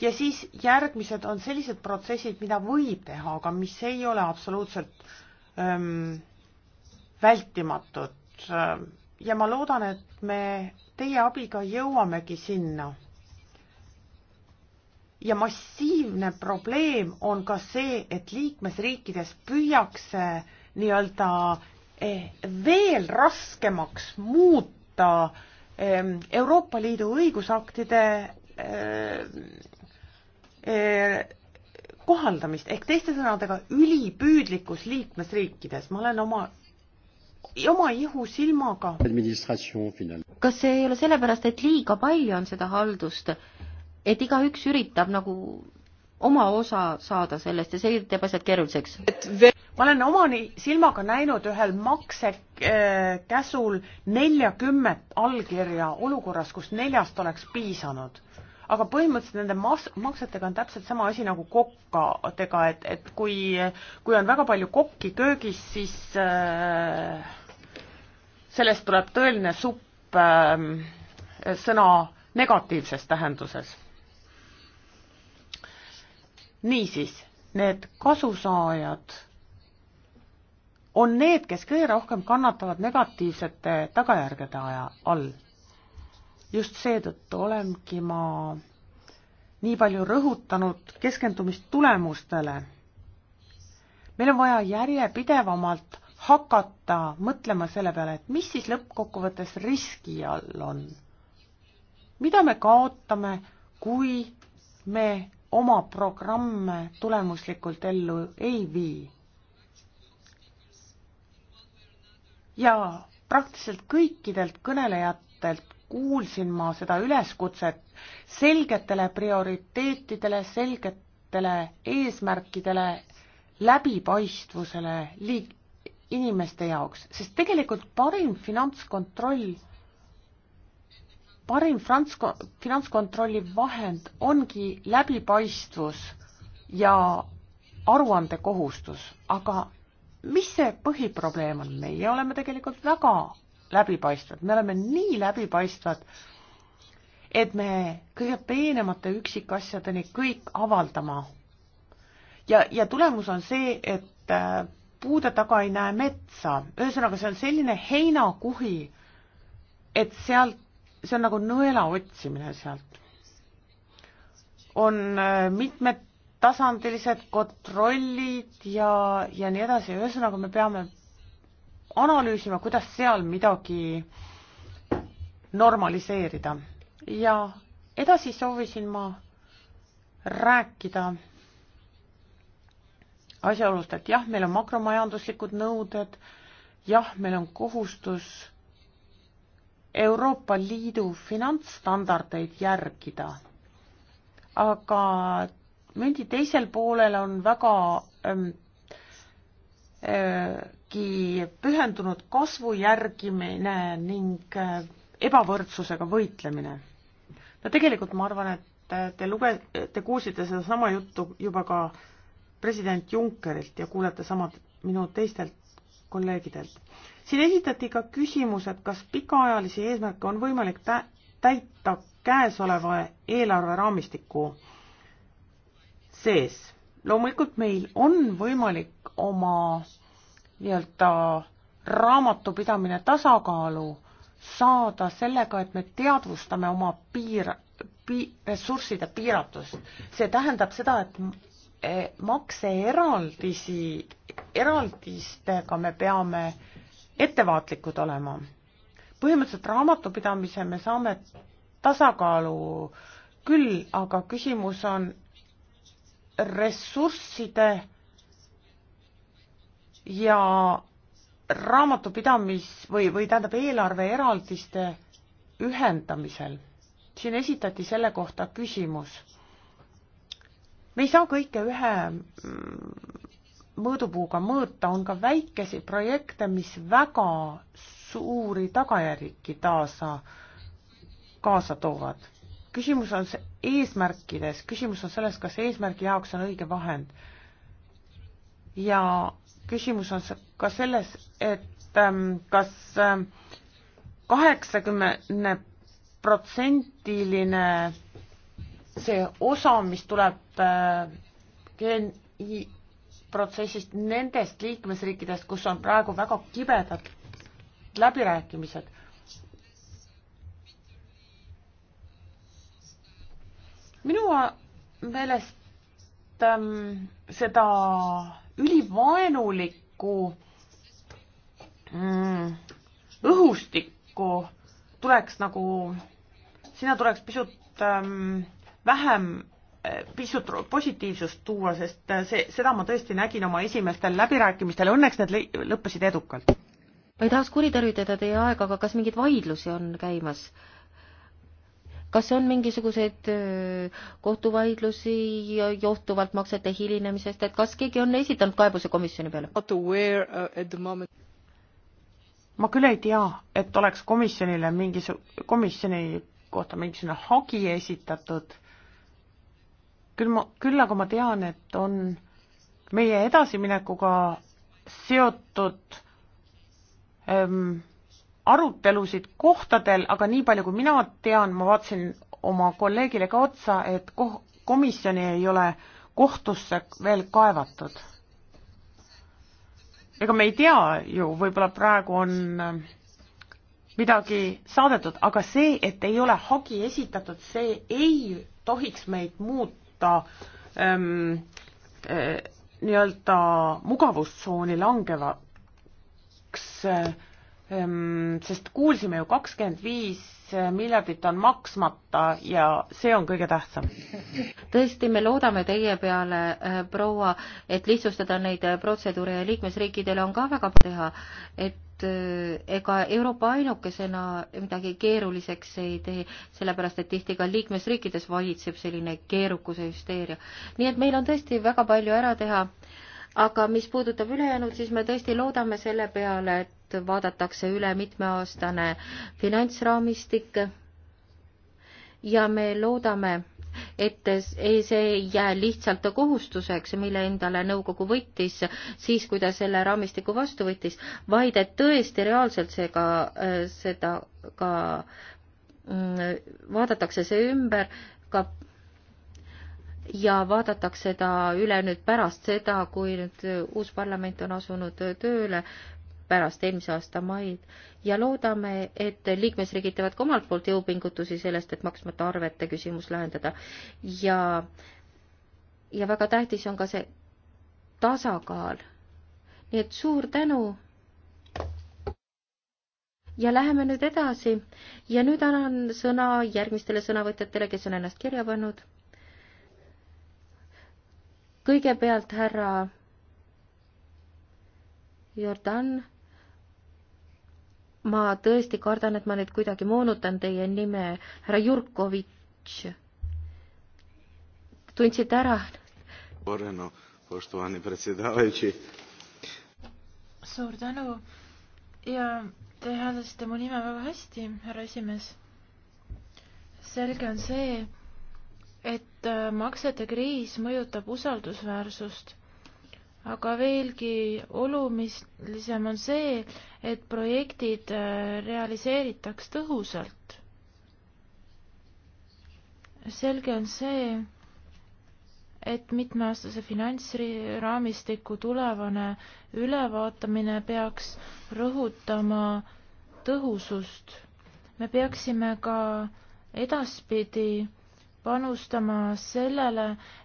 ja siis järgmised on sellised protsessid, mida võib teha, aga mis ei ole absoluutselt öö, ähm, vältimatud öö, ähm, ja ma loodan, et me teie abiga jõuamegi sinna. ja massiivne probleem on ka see, et liikmesriikides püüakse nii-öelda eh, veel raskemaks muuta ehm, Euroopa Liidu õigusaktide eh, eh, kohaldamist ehk teiste sõnadega ülipüüdlikkus liikmesriikides. ma olen oma oma ihu silmaga. kas see ei ole sellepärast, et liiga palju on seda haldust, et igaüks üritab nagu oma osa saada sellest ja see teeb asjad keeruliseks? ma olen omani silmaga näinud ühel maksekäsul äh, neljakümmet allkirja olukorras, kus neljast oleks piisanud aga põhimõtteliselt nende mas-, maksetega on täpselt sama asi nagu kokkadega, et, et kui, kui on väga palju kokki köögis, siis äh, sellest tuleb tõeline supp äh, sõna negatiivses tähenduses. niisiis, need kasusaajad on need, kes kõige rohkem kannatavad negatiivsete tagajärgede aja all just seetõttu olengi ma nii palju rõhutanud keskendumist tulemustele. meil on vaja järjepidevamalt hakata mõtlema selle peale, et mis siis lõppkokkuvõttes riski all on. mida me kaotame, kui me oma programme tulemuslikult ellu ei vii. ja praktiliselt kõikidelt kõnelejatelt kuulsin ma seda üleskutset selgetele prioriteetidele, selgetele eesmärkidele, läbipaistvusele liik-, inimeste jaoks, sest tegelikult parim finantskontroll, parim frants-, finantskontrolli vahend ongi läbipaistvus ja aruandekohustus, aga mis see põhiprobleem on, meie oleme tegelikult väga läbipaistvad, me oleme nii läbipaistvad, et me kõige peenemate üksikasjadeni kõik avaldama. ja, ja tulemus on see, et äh, puude taga ei näe metsa, ühesõnaga, see on selline heinakuhi, et sealt, see on nagu nõela otsimine sealt. on äh, mitmed tasandilised kontrollid ja, ja nii edasi, ühesõnaga me peame analüüsima, kuidas seal midagi normaliseerida. ja edasi soovisin ma rääkida asjaolust, et jah, meil on makromajanduslikud nõuded, jah, meil on kohustus Euroopa Liidu finantsstandardeid järgida, aga mündi teisel poolel on väga ähm, äh, riigi pühendunud kasvu järgimine ning äh, ebavõrdsusega võitlemine. no tegelikult ma arvan, et äh, te luge-, te kuulsite sedasama juttu juba ka president Junckerilt ja kuulete sama minu teistelt kolleegidelt. siin esitati ka küsimus, et kas pikaajalisi eesmärke on võimalik tä-, täita käesoleva eelarveraamistiku sees. loomulikult meil on võimalik oma nii-öelda raamatupidamine tasakaalu saada sellega, et me teadvustame oma piir, pi-, ressursside piiratust. see tähendab seda, et e, makseeraldisi, eraldistega me peame ettevaatlikud olema. põhimõtteliselt raamatupidamise me saame tasakaalu küll, aga küsimus on ressursside ja raamatupidamis- või, või tähendab eelarveeraldiste ühendamisel. siin esitati selle kohta küsimus. me ei saa kõike ühe mm, mõõdupuuga mõõta, on ka väikeseid projekte, mis väga suuri tagajärgi taasa, kaasa toovad. küsimus on eesmärkides, küsimus on selles, kas eesmärgi jaoks on õige vahend. ja küsimus on ka selles, et ähm, kas ähm, kaheksakümne protsendiline see osa, mis tuleb äh, GNI protsessist nendest liikmesriikidest, kus on praegu väga kibedad läbirääkimised. minu meelest ähm, seda ülivaenulikku mm, õhustikku tuleks nagu, sinna tuleks pisut ähm, vähem eh, pisut positiivsust tuua, sest eh, see, seda ma tõesti nägin oma esimestel läbirääkimistel, õnneks need lõppesid edukalt. ma ei tahaks kuritarvitada teie aega, aga kas mingeid vaidlusi on käimas äh, kas on mingisuguseid kohtuvaidlusi johtuvalt maksete hilinemisest, et kas keegi on esitanud kaebuse komisjoni peale? Uh, ma küll ei tea, et oleks komisjonile mingisu-, komisjoni kohta mingisugune hagi esitatud, küll ma, küll aga ma tean, et on meie edasiminekuga seotud ähm, arutelusid kohtadel, aga nii palju, kui mina tean, ma vaatasin oma kolleegile ka otsa, et koh-, komisjoni ei ole kohtusse veel kaevatud. ega me ei tea ju, võib-olla praegu on äh, midagi saadetud, aga see, et ei ole hagi esitatud, see ei tohiks meid muuta ähm, äh, nii-öelda mugavustsooni langevaks äh, Ehm, sest kuulsime ju kakskümmend viis miljardit on maksmata ja see on kõige tähtsam. tõesti, me loodame teie peale, eh, proua, et lihtsustada neid eh, protseduure ja liikmesriikidele on ka väga teha, et eh, ega Euroopa ainukesena midagi keeruliseks ei tee, sellepärast et tihti ka liikmesriikides valitseb selline keerukuse hüsteeria. nii et meil on tõesti väga palju ära teha aga mis puudutab ülejäänud, siis me tõesti loodame selle peale, et et vaadatakse üle mitmeaastane finantsraamistik ja me loodame, et ei, see ei jää lihtsalt kohustuseks, mille endale nõukogu võttis siis, kui ta selle raamistiku vastu võttis, vaid et tõesti reaalselt see ka, äh, seda ka mm, vaadatakse see ümber ka ja vaadatakse ta üle nüüd pärast seda, kui nüüd uus parlament on asunud tööle pärast eelmise aasta maid ja loodame, et liikmesriigid teevad ka omalt poolt jõupingutusi sellest, et maksmata arvete küsimus lahendada. ja, ja väga tähtis on ka see tasakaal. nii et suur tänu. ja läheme nüüd edasi ja nüüd annan sõna järgmistele sõnavõtjatele, kes on ennast kirja pannud. kõigepealt härra Jordan ma tõesti kardan, et ma nüüd kuidagi moonutan teie nime, härra Jurkovitš. tundsite ära? suur tänu ja te hääldasite mu nime väga hästi, härra esimees. selge on see, et äh, maksete kriis mõjutab usaldusväärsust aga veelgi olulisem on see, et projektid äh, realiseeritaks tõhusalt. selge on see, et mitmeaastase finantsraamistiku tulevane ülevaatamine peaks rõhutama tõhusust. me peaksime ka edaspidi panustama sellele,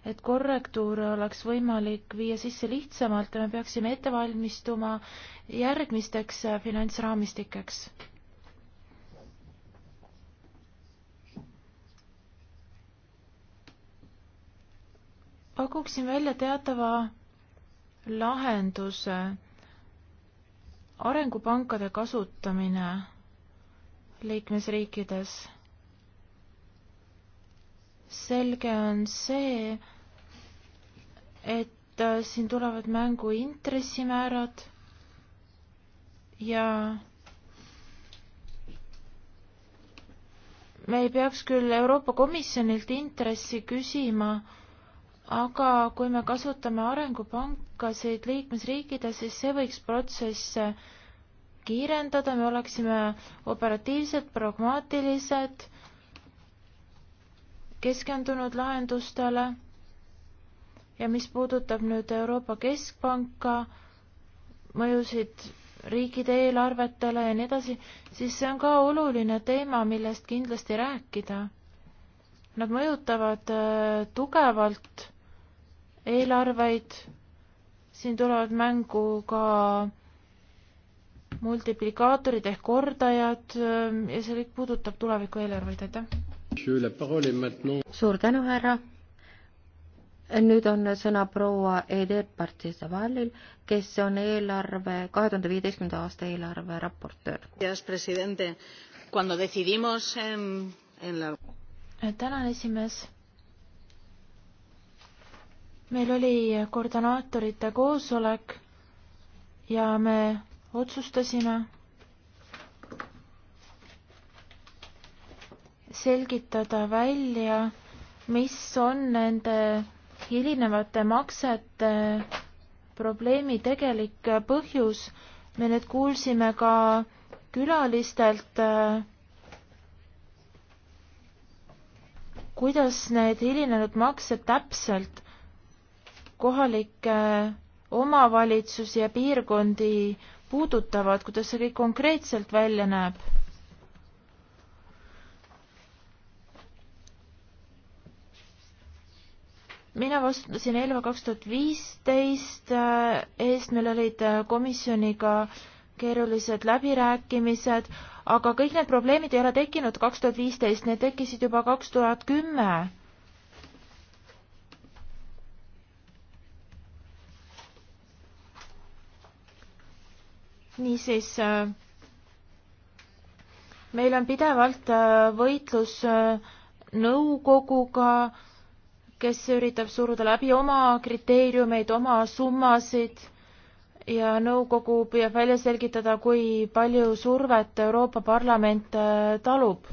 et korrektuure oleks võimalik viia sisse lihtsamalt ja me peaksime ette valmistuma järgmisteks finantsraamistikeks. pakuksin välja teatava lahenduse. arengupankade kasutamine liikmesriikides selge on see, et äh, siin tulevad mängu intressimäärad ja me ei peaks küll Euroopa Komisjonilt intressi küsima, aga kui me kasutame arengupankasid liikmesriikides, siis see võiks protsesse kiirendada, me oleksime operatiivsed, pragmaatilised keskendunud lahendustele ja mis puudutab nüüd Euroopa Keskpanka, mõjusid riikide eelarvetele ja nii edasi, siis see on ka oluline teema, millest kindlasti rääkida. Nad mõjutavad äh, tugevalt eelarveid, siin tulevad mängu ka multiplikaatorid ehk kordajad äh, ja see kõik puudutab tuleviku eelarveid, aitäh! suur tänu, härra. nüüd on sõna proua Edith Partizavalil, kes on eelarve, kahe tuhande viieteistkümnenda aasta eelarve raportöör. tänan, esimees meil oli koordinaatorite koosolek ja me otsustasime selgitada välja, mis on nende hilinevate maksete probleemi tegelik põhjus. me nüüd kuulsime ka külalistelt, kuidas need hilinenud maksed täpselt kohalikke omavalitsusi ja piirkondi puudutavad, kuidas see kõik konkreetselt välja näeb mina vastasin Elva kaks tuhat viisteist äh, eest, meil olid äh, komisjoniga keerulised läbirääkimised, aga kõik need probleemid ei ole tekkinud kaks tuhat viisteist, need tekkisid juba kaks tuhat kümme. niisiis, äh, meil on pidevalt võitlus nõukoguga, kes üritab suruda läbi oma kriteeriumeid, oma summasid ja nõukogu püüab välja selgitada, kui palju survet Euroopa Parlament äh, talub.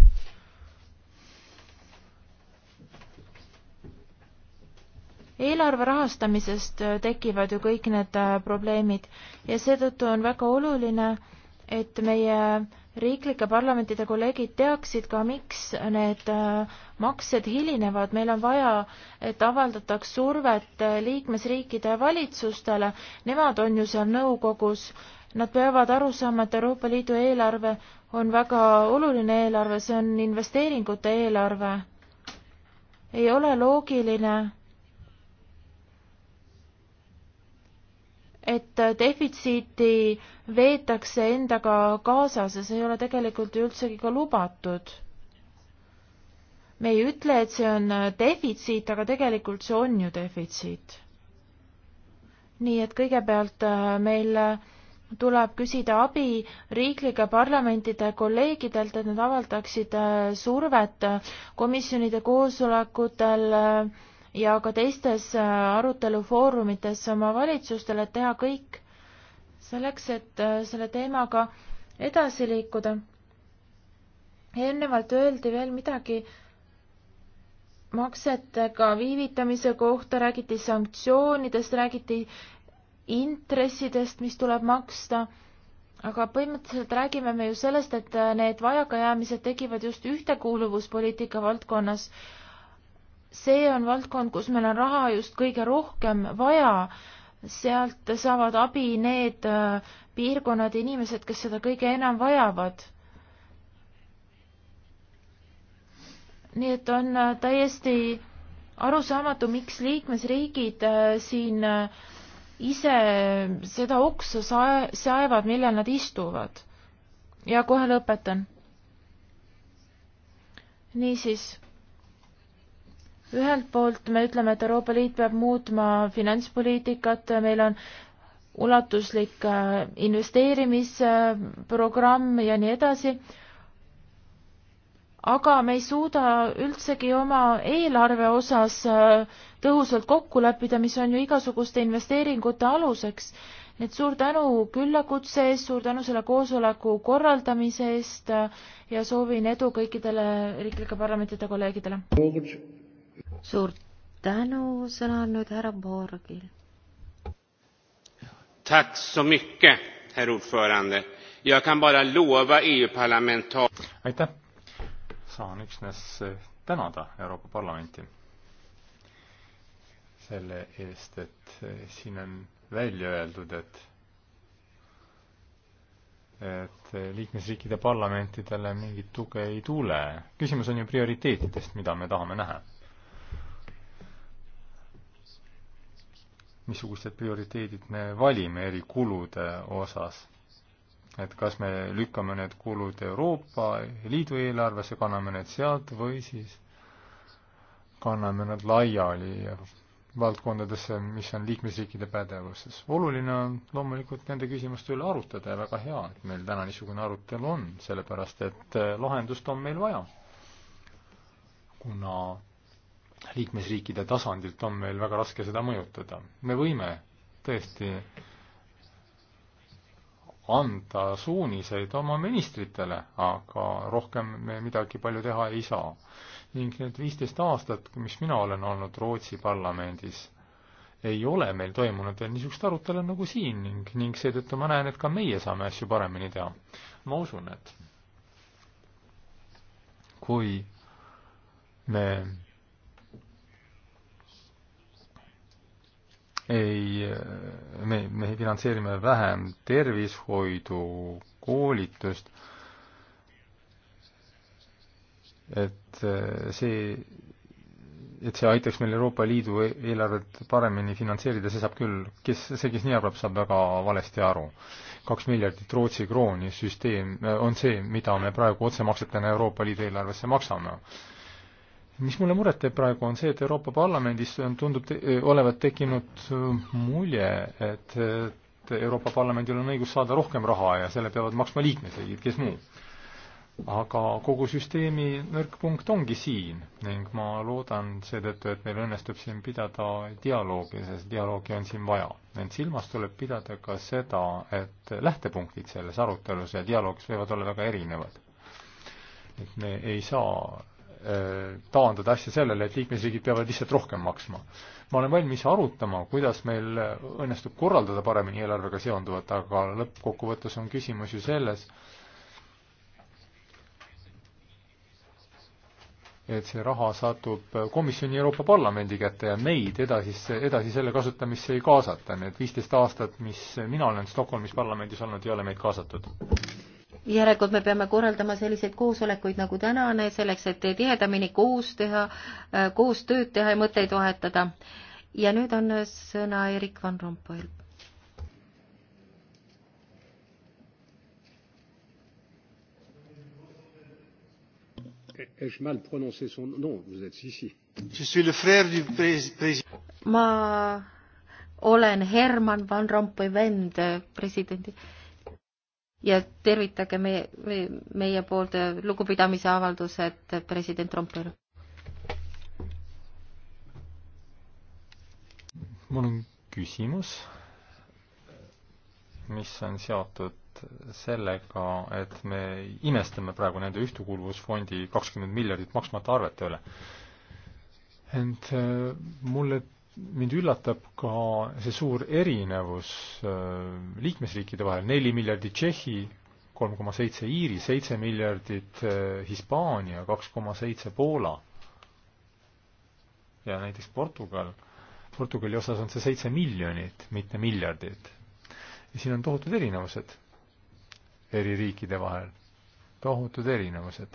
eelarve rahastamisest äh, tekivad ju kõik need äh, probleemid ja seetõttu on väga oluline, et meie riiklike parlamentide kolleegid teaksid ka, miks need äh, maksed hilinevad. meil on vaja, et avaldataks survet äh, liikmesriikide valitsustele. Nemad on ju seal nõukogus. Nad peavad aru saama, et Euroopa Liidu eelarve on väga oluline eelarve, see on investeeringute eelarve. ei ole loogiline et defitsiiti veetakse endaga kaasas ja see ei ole tegelikult ju üldsegi ka lubatud. me ei ütle, et see on defitsiit, aga tegelikult see on ju defitsiit. nii et kõigepealt äh, meil äh, tuleb küsida abi riiklike parlamentide kolleegidelt, et nad avaldaksid äh, survet komisjonide koosolekutel äh, ja ka teistes äh, arutelufoorumites oma valitsustele, et teha kõik selleks, et äh, selle teemaga edasi liikuda. eelnevalt öeldi veel midagi maksetega viivitamise kohta, räägiti sanktsioonidest, räägiti intressidest, mis tuleb maksta, aga põhimõtteliselt räägime me ju sellest, et need vajakajäämised tekivad just ühtekuuluvuspoliitika valdkonnas see on valdkond, kus meil on raha just kõige rohkem vaja. sealt saavad abi need äh, piirkonnad ja inimesed, kes seda kõige enam vajavad. nii et on äh, täiesti arusaamatu, miks liikmesriigid äh, siin ise seda oksa sae-, saevad, millel nad istuvad. ja kohe lõpetan. niisiis ühelt poolt me ütleme, et Euroopa Liit peab muutma finantspoliitikat, meil on ulatuslik äh, investeerimisprogramm ja nii edasi, aga me ei suuda üldsegi oma eelarve osas äh, tõhusalt kokku leppida, mis on ju igasuguste investeeringute aluseks. nii et suur tänu küllakutse eest, suur tänu selle koosoleku korraldamise eest äh, ja soovin edu kõikidele riiklike parlamentide kolleegidele suur tänu, sõna on nüüd härra Borgil. Tack så mycket, herr ordförande. Jag kan bara lova EU-parlamentar... Aitäh! Saan üksnes eh, tänada Euroopa Parlamenti selle eest, et eh, siin on välja öeldud, et et eh, liikmesriikide parlamentidele mingit tuge ei tule. küsimus on ju prioriteetidest, mida me tahame näha missugused prioriteedid me valime eri kulude osas. et kas me lükkame need kulud Euroopa Liidu eelarvesse, kanname need sealt või siis kanname nad laiali valdkondadesse, mis on liikmesriikide pädevuses. oluline on loomulikult nende küsimuste üle arutada ja väga hea, et meil täna niisugune arutelu on, sellepärast et lahendust on meil vaja. kuna liikmesriikide tasandilt on meil väga raske seda mõjutada. me võime tõesti anda suuniseid oma ministritele, aga rohkem me midagi palju teha ei saa. ning need viisteist aastat, mis mina olen olnud Rootsi parlamendis, ei ole meil toimunud veel niisugust arutelu nagu siin ning, ning seetõttu ma näen, et ka meie saame asju paremini teha. ma usun, et kui me ei, me, me finantseerime vähem tervishoidu, koolitust, et äh, see, et see aitaks meil Euroopa Liidu e-, eelarvet paremini finantseerida, see saab küll, kes, see, kes nii arvab, saab väga valesti aru. kaks miljardit Rootsi krooni süsteem äh, on see, mida me praegu otsemaksetena Euroopa Liidu eelarvesse maksame mis mulle muret teeb praegu, on see, et Euroopa Parlamendis on, tundub te, eh, olevat tekkinud eh, mulje, et, et Euroopa Parlamendil on õigus saada rohkem raha ja selle peavad maksma liikmesriigid, kes muu. aga kogu süsteemi nõrk punkt ongi siin ning ma loodan seetõttu, et meil õnnestub siin pidada dialoogi, sest dialoogi on siin vaja. ent silmas tuleb pidada ka seda, et lähtepunktid selles arutelus ja dialoogis võivad olla väga erinevad. et me ei saa Äh, taandada asja sellele, et liikmesriigid peavad lihtsalt rohkem maksma. ma olen valmis arutama, kuidas meil õnnestub korraldada paremini eelarvega seonduvat, aga lõppkokkuvõttes on küsimus ju selles, et see raha satub komisjoni Euroopa Parlamendi kätte ja meid edasisse, edasi selle kasutamisse ei kaasata. Need viisteist aastat, mis mina olen Stockholmis parlamendis olnud, ei ole meid kaasatud järelikult me peame korraldama selliseid koosolekuid nagu tänane, selleks et tihedamini koos teha, koos tööd teha ja mõtteid vahetada. ja nüüd on sõna Erik Van Rompuil. Ai-je mal prononcé son nom Vous êtes ici. Je suis le frère du président. Ma olen Herman Van Rompuy vend presidendi ja tervitage meie, meie poolt lugupidamise avaldused president Trumpile. mul on küsimus, mis on seotud sellega, et me imestame praegu nende Ühtekuuluvusfondi kakskümmend miljardit maksmata arvete üle. ent äh, mulle mind üllatab ka see suur erinevus äh, liikmesriikide vahel, neli miljardit Tšehhi, kolm koma seitse Iiri, seitse miljardit äh, Hispaania, kaks koma seitse Poola ja näiteks Portugal. Portugali osas on see seitse miljonit, mitte miljardit. ja siin on tohutud erinevused eri riikide vahel, tohutud erinevused.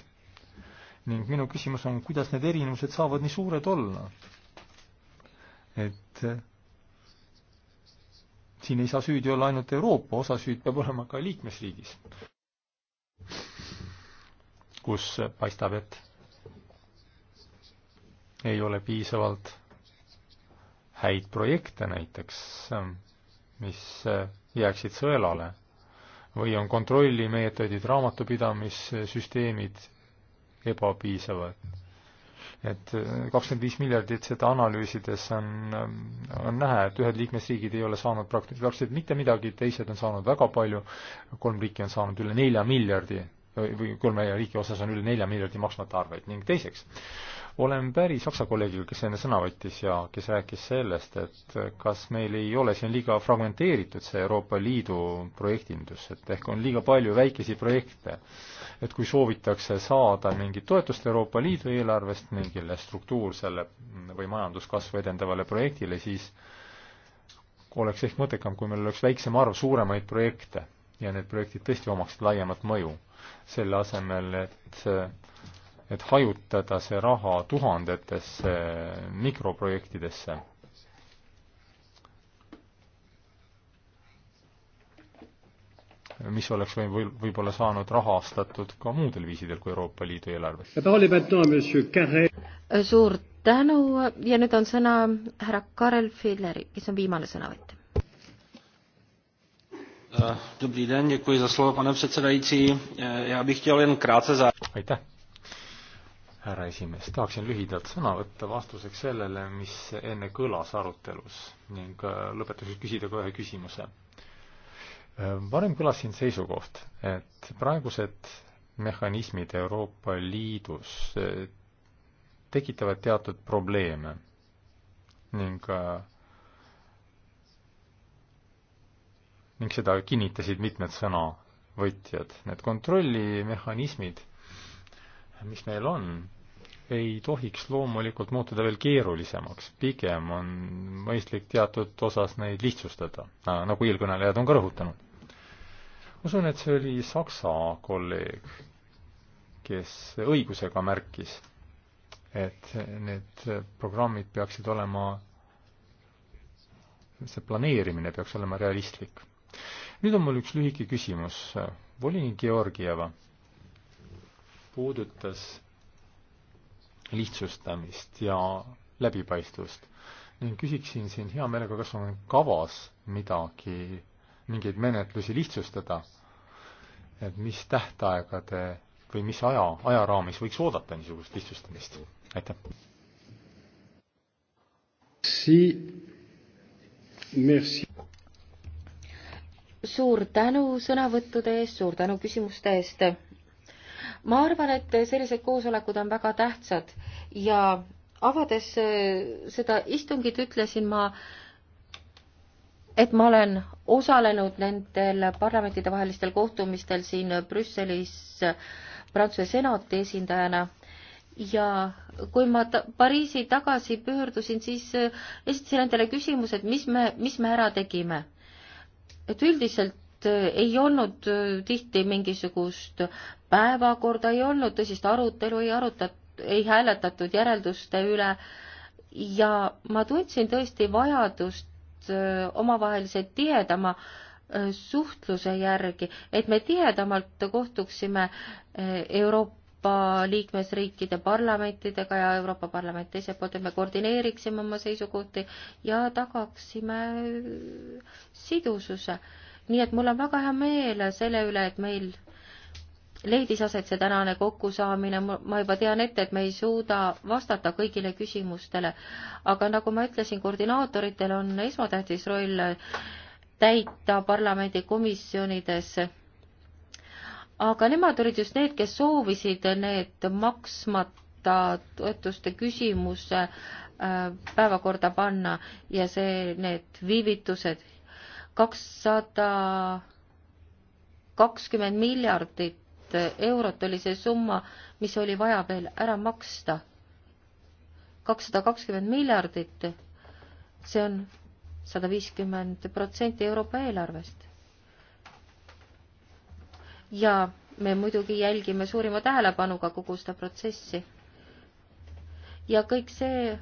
ning minu küsimus on, kuidas need erinevused saavad nii suured olla? et eh, siin ei saa süüdi olla ainult Euroopa, osa süüd peab olema ka liikmesriigis, kus paistab, et ei ole piisavalt häid projekte näiteks, mis jääksid sõelale või on kontrollimeetodid, raamatupidamissüsteemid ebapiisavad et äh, kakskümmend viis miljardit seda analüüsides on, ähm, on näha, et ühed liikmesriigid ei ole saanud praktiliselt mitte midagi, teised on saanud väga palju, kolm riiki on saanud üle nelja miljardi või kolme riigi osas on üle nelja miljardi maksmata arveid ning teiseks, olen päri Saksa kolleegiga, kes enne sõna võttis ja kes rääkis sellest, et kas meil ei ole siin liiga fragmenteeritud see Euroopa Liidu projektindus, et ehk on liiga palju väikesi projekte. et kui soovitakse saada mingit toetust Euroopa Liidu eelarvest mingile struktuursele või majanduskasvu edendavale projektile, siis oleks ehk mõttekam, kui meil oleks väiksem arv suuremaid projekte ja need projektid tõesti omaksid laiemat mõju. selle asemel, et et hajutada see raha tuhandetesse mikroprojektidesse. mis oleks või, või võib-olla saanud rahastatud ka muudel viisidel kui Euroopa Liidu eelarvest. suur tänu ja nüüd on sõna härra Karel Filleri, kes on viimane sõnavõtja. Eh, dobrý den, děkuji za slovo, pane předsedající. Eh, já bych chtěl jen krátce za... Aitäh härra esimees, tahaksin lühidalt sõna võtta vastuseks sellele, mis enne kõlas arutelus ning äh, lõpetuseks küsida ka ühe küsimuse. Äh, varem kõlas siin seisukoht, et praegused mehhanismid Euroopa Liidus äh, tekitavad teatud probleeme ning ning seda kinnitasid mitmed sõnavõtjad. Need kontrollimehhanismid, mis meil on, ei tohiks loomulikult muutuda veel keerulisemaks, pigem on mõistlik teatud osas neid lihtsustada, nagu eelkõnelejad on ka rõhutanud. usun, et see oli Saksa kolleeg, kes õigusega märkis, et need programmid peaksid olema, see planeerimine peaks olema realistlik. nüüd on mul üks lühike küsimus, volinik Georgieva puudutas lihtsustamist ja läbipaistvust. ning küsiksin siin hea meelega, kas on kavas midagi, mingeid menetlusi lihtsustada, et mis tähtaegade või mis aja, ajaraamis võiks oodata niisugust lihtsustamist? aitäh! suur tänu sõnavõttude eest, suur tänu küsimuste eest! ma arvan, et sellised koosolekud on väga tähtsad ja avades äh, seda istungit, ütlesin ma, et ma olen osalenud nendel parlamentidevahelistel kohtumistel siin Brüsselis Prantsuse senati esindajana ja kui ma ta Pariisi tagasi pöördusin, siis äh, esitasin endale küsimuse, et mis me, mis me ära tegime. et üldiselt et äh, ei olnud äh, tihti mingisugust päevakorda, ei olnud tõsist arutelu, ei arutat-, ei hääletatud järelduste üle ja ma tundsin tõesti vajadust äh, omavahelise tihedama suhtluse järgi, et me tihedamalt kohtuksime Euroopa Euroopa liikmesriikide parlamentidega ja Euroopa Parlament teiselt poolt, et me koordineeriksime oma seisukohti ja tagaksime sidususe nii et mul on väga hea meel selle üle, et meil leidis aset see tänane kokkusaamine, ma juba tean ette, et me ei suuda vastata kõigile küsimustele, aga nagu ma ütlesin, koordinaatoritel on esmatähtis roll täita parlamendikomisjonides. aga nemad olid just need, kes soovisid need maksmata toetuste küsimuse äh, päevakorda panna ja see, need viivitused kakssada kakskümmend miljardit eurot oli see summa, mis oli vaja veel ära maksta. kakssada kakskümmend miljardit, see on sada viiskümmend protsenti Euroopa eelarvest. ja me muidugi jälgime suurima tähelepanuga kogu seda protsessi. ja kõik see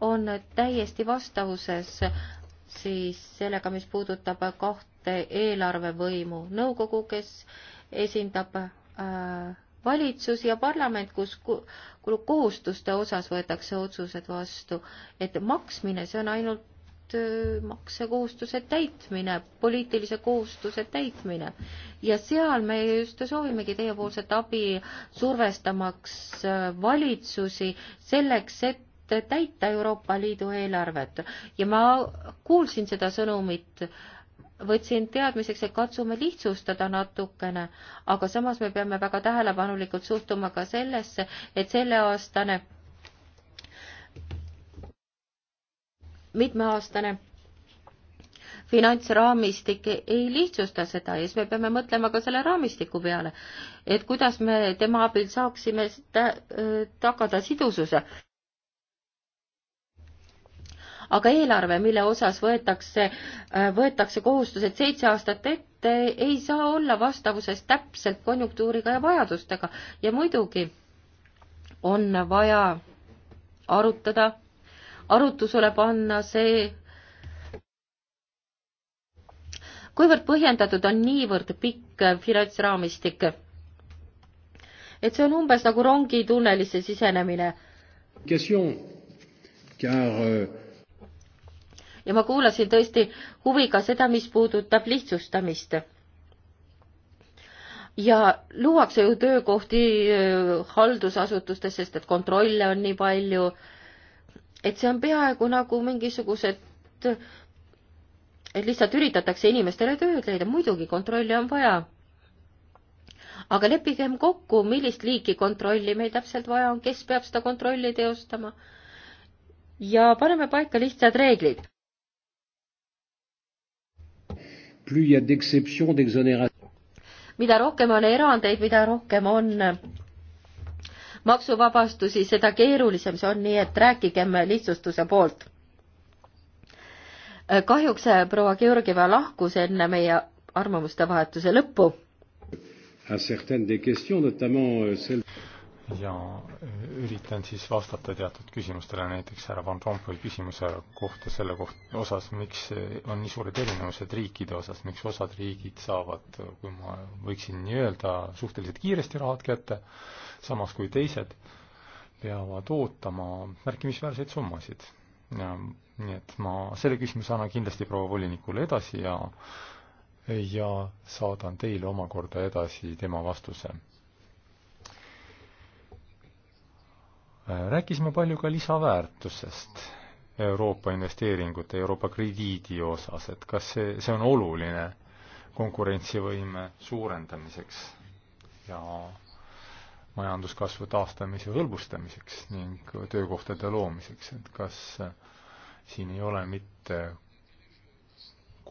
on täiesti vastavuses siis sellega, mis puudutab kahte eelarvevõimu, nõukogu, kes esindab äh, valitsus ja parlament, kus kohustuste osas võetakse otsused vastu, et maksmine, see on ainult äh, maksekohustuse täitmine, poliitilise kohustuse täitmine. ja seal me just soovimegi teiepoolset abi survestamaks äh, valitsusi selleks, et et täita Euroopa Liidu eelarvet ja ma kuulsin seda sõnumit võtsin teadmiseks, et katsume lihtsustada natukene, aga samas me peame väga tähelepanulikult suhtuma ka sellesse, et selleaastane, mitmeaastane finantsraamistik ei lihtsusta seda ja siis me peame mõtlema ka selle raamistiku peale, et kuidas me tema abil saaksime ta, tagada sidususe aga eelarve, mille osas võetakse, äh, võetakse kohustused seitse aastat ette, ei saa olla vastavuses täpselt konjunktuuriga ja vajadustega ja muidugi on vaja arutada, arutusele panna see, kuivõrd põhjendatud on niivõrd pikk finantsraamistik, et see on umbes nagu rongi tunnelisse sisenemine. Car euh, ja ma kuulasin tõesti huviga seda, mis puudutab lihtsustamist. ja luuakse ju töökohti äh, haldusasutustes, sest et kontrolle on nii palju, et see on peaaegu nagu mingisugused et lihtsalt üritatakse inimestele tööd leida, muidugi kontrolli on vaja. aga leppigem kokku, millist liiki kontrolli meil täpselt vaja on, kes peab seda kontrolli teostama. ja paneme paika lihtsad reeglid. plus il y a d'exceptions, d'exonérations. mida rohkem on erandeid, mida rohkem on maksuvabastusi, seda keerulisem see on, nii et rääkigem lihtsustuse poolt. kahjuks eh, proua Georgieva lahkus enne meie arvamuste vahetuse lõppu ja äh, üritan siis vastata teatud küsimustele, näiteks härra Van Rompuy küsimuse kohta selle koht-, osas, miks äh, on nii suured erinevused riikide osas, miks osad riigid saavad, äh, kui ma võiksin nii öelda, suhteliselt kiiresti rahad kätte, samas kui teised peavad ootama märkimisväärseid summasid. nii et ma selle küsimuse annan kindlasti proua volinikule edasi ja ja saadan teile omakorda edasi tema vastuse Äh, rääkisime palju ka lisaväärtusest Euroopa investeeringute, Euroopa krediidi osas, et kas see, see on oluline konkurentsivõime suurendamiseks ja majanduskasvu taastamise hõlbustamiseks ning töökohtade loomiseks, et kas äh, siin ei ole mitte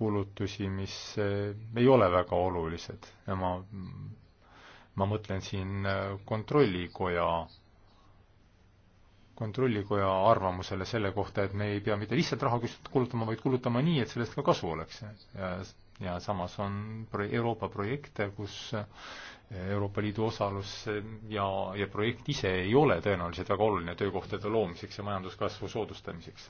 kulutusi, mis äh, ei ole väga olulised ja ma, ma mõtlen siin Kontrollikoja kontrollikoja arvamusele selle kohta, et me ei pea mitte lihtsalt raha kulutama, vaid kulutama nii, et sellest ka kasu oleks. ja, ja samas on pro-, Euroopa projekte, kus Euroopa Liidu osalus ja, ja projekt ise ei ole tõenäoliselt väga oluline töökohtade loomiseks ja majanduskasvu soodustamiseks.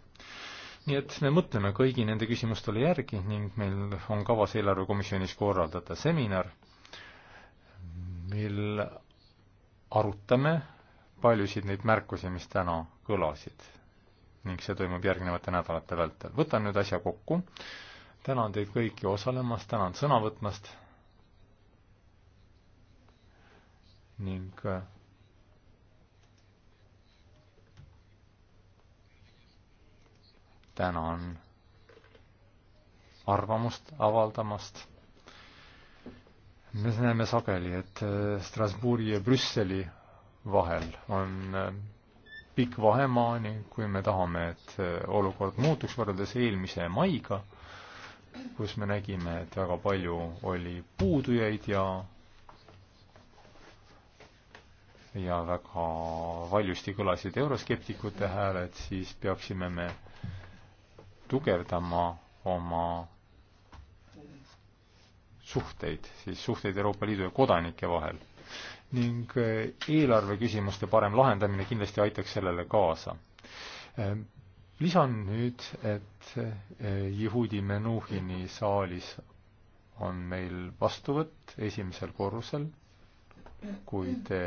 nii et me mõtleme kõigi nende küsimustele järgi ning meil on kavas eelarvekomisjonis korraldada seminar, mil arutame paljusid neid märkusi, mis täna kõlasid ning see toimub järgnevate nädalate vältel. võtan nüüd asja kokku, tänan teid kõiki osalemast, tänan sõna võtmast ning äh, tänan arvamust avaldamast. me näeme sageli, et äh, Strasbourgi ja Brüsseli vahel on äh, pikk vahemaani, kui me tahame, et äh, olukord muutuks võrreldes eelmise maiga, kus me nägime, et väga palju oli puudujaid ja ja väga valjusti kõlasid euroskeptikute hääled, siis peaksime me tugevdama oma suhteid, siis suhteid Euroopa Liidu ja kodanike vahel ning eh, eelarve küsimuste parem lahendamine kindlasti aitaks sellele kaasa. Eh, lisan nüüd, et eh, Yehudi Menuhini saalis on meil vastuvõtt esimesel korrusel, kui te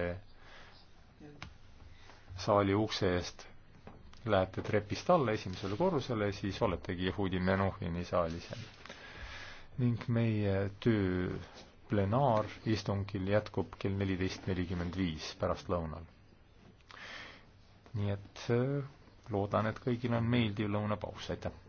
saali ukse eest lähete trepist alla esimesele korrusele, siis oletegi Yehudi Menuhini saalis. ning meie töö plenaaristungil jätkub kell neliteist nelikümmend viis pärastlõunal. nii et äh, loodan, et kõigil on meeldiv lõunapaus, aitäh!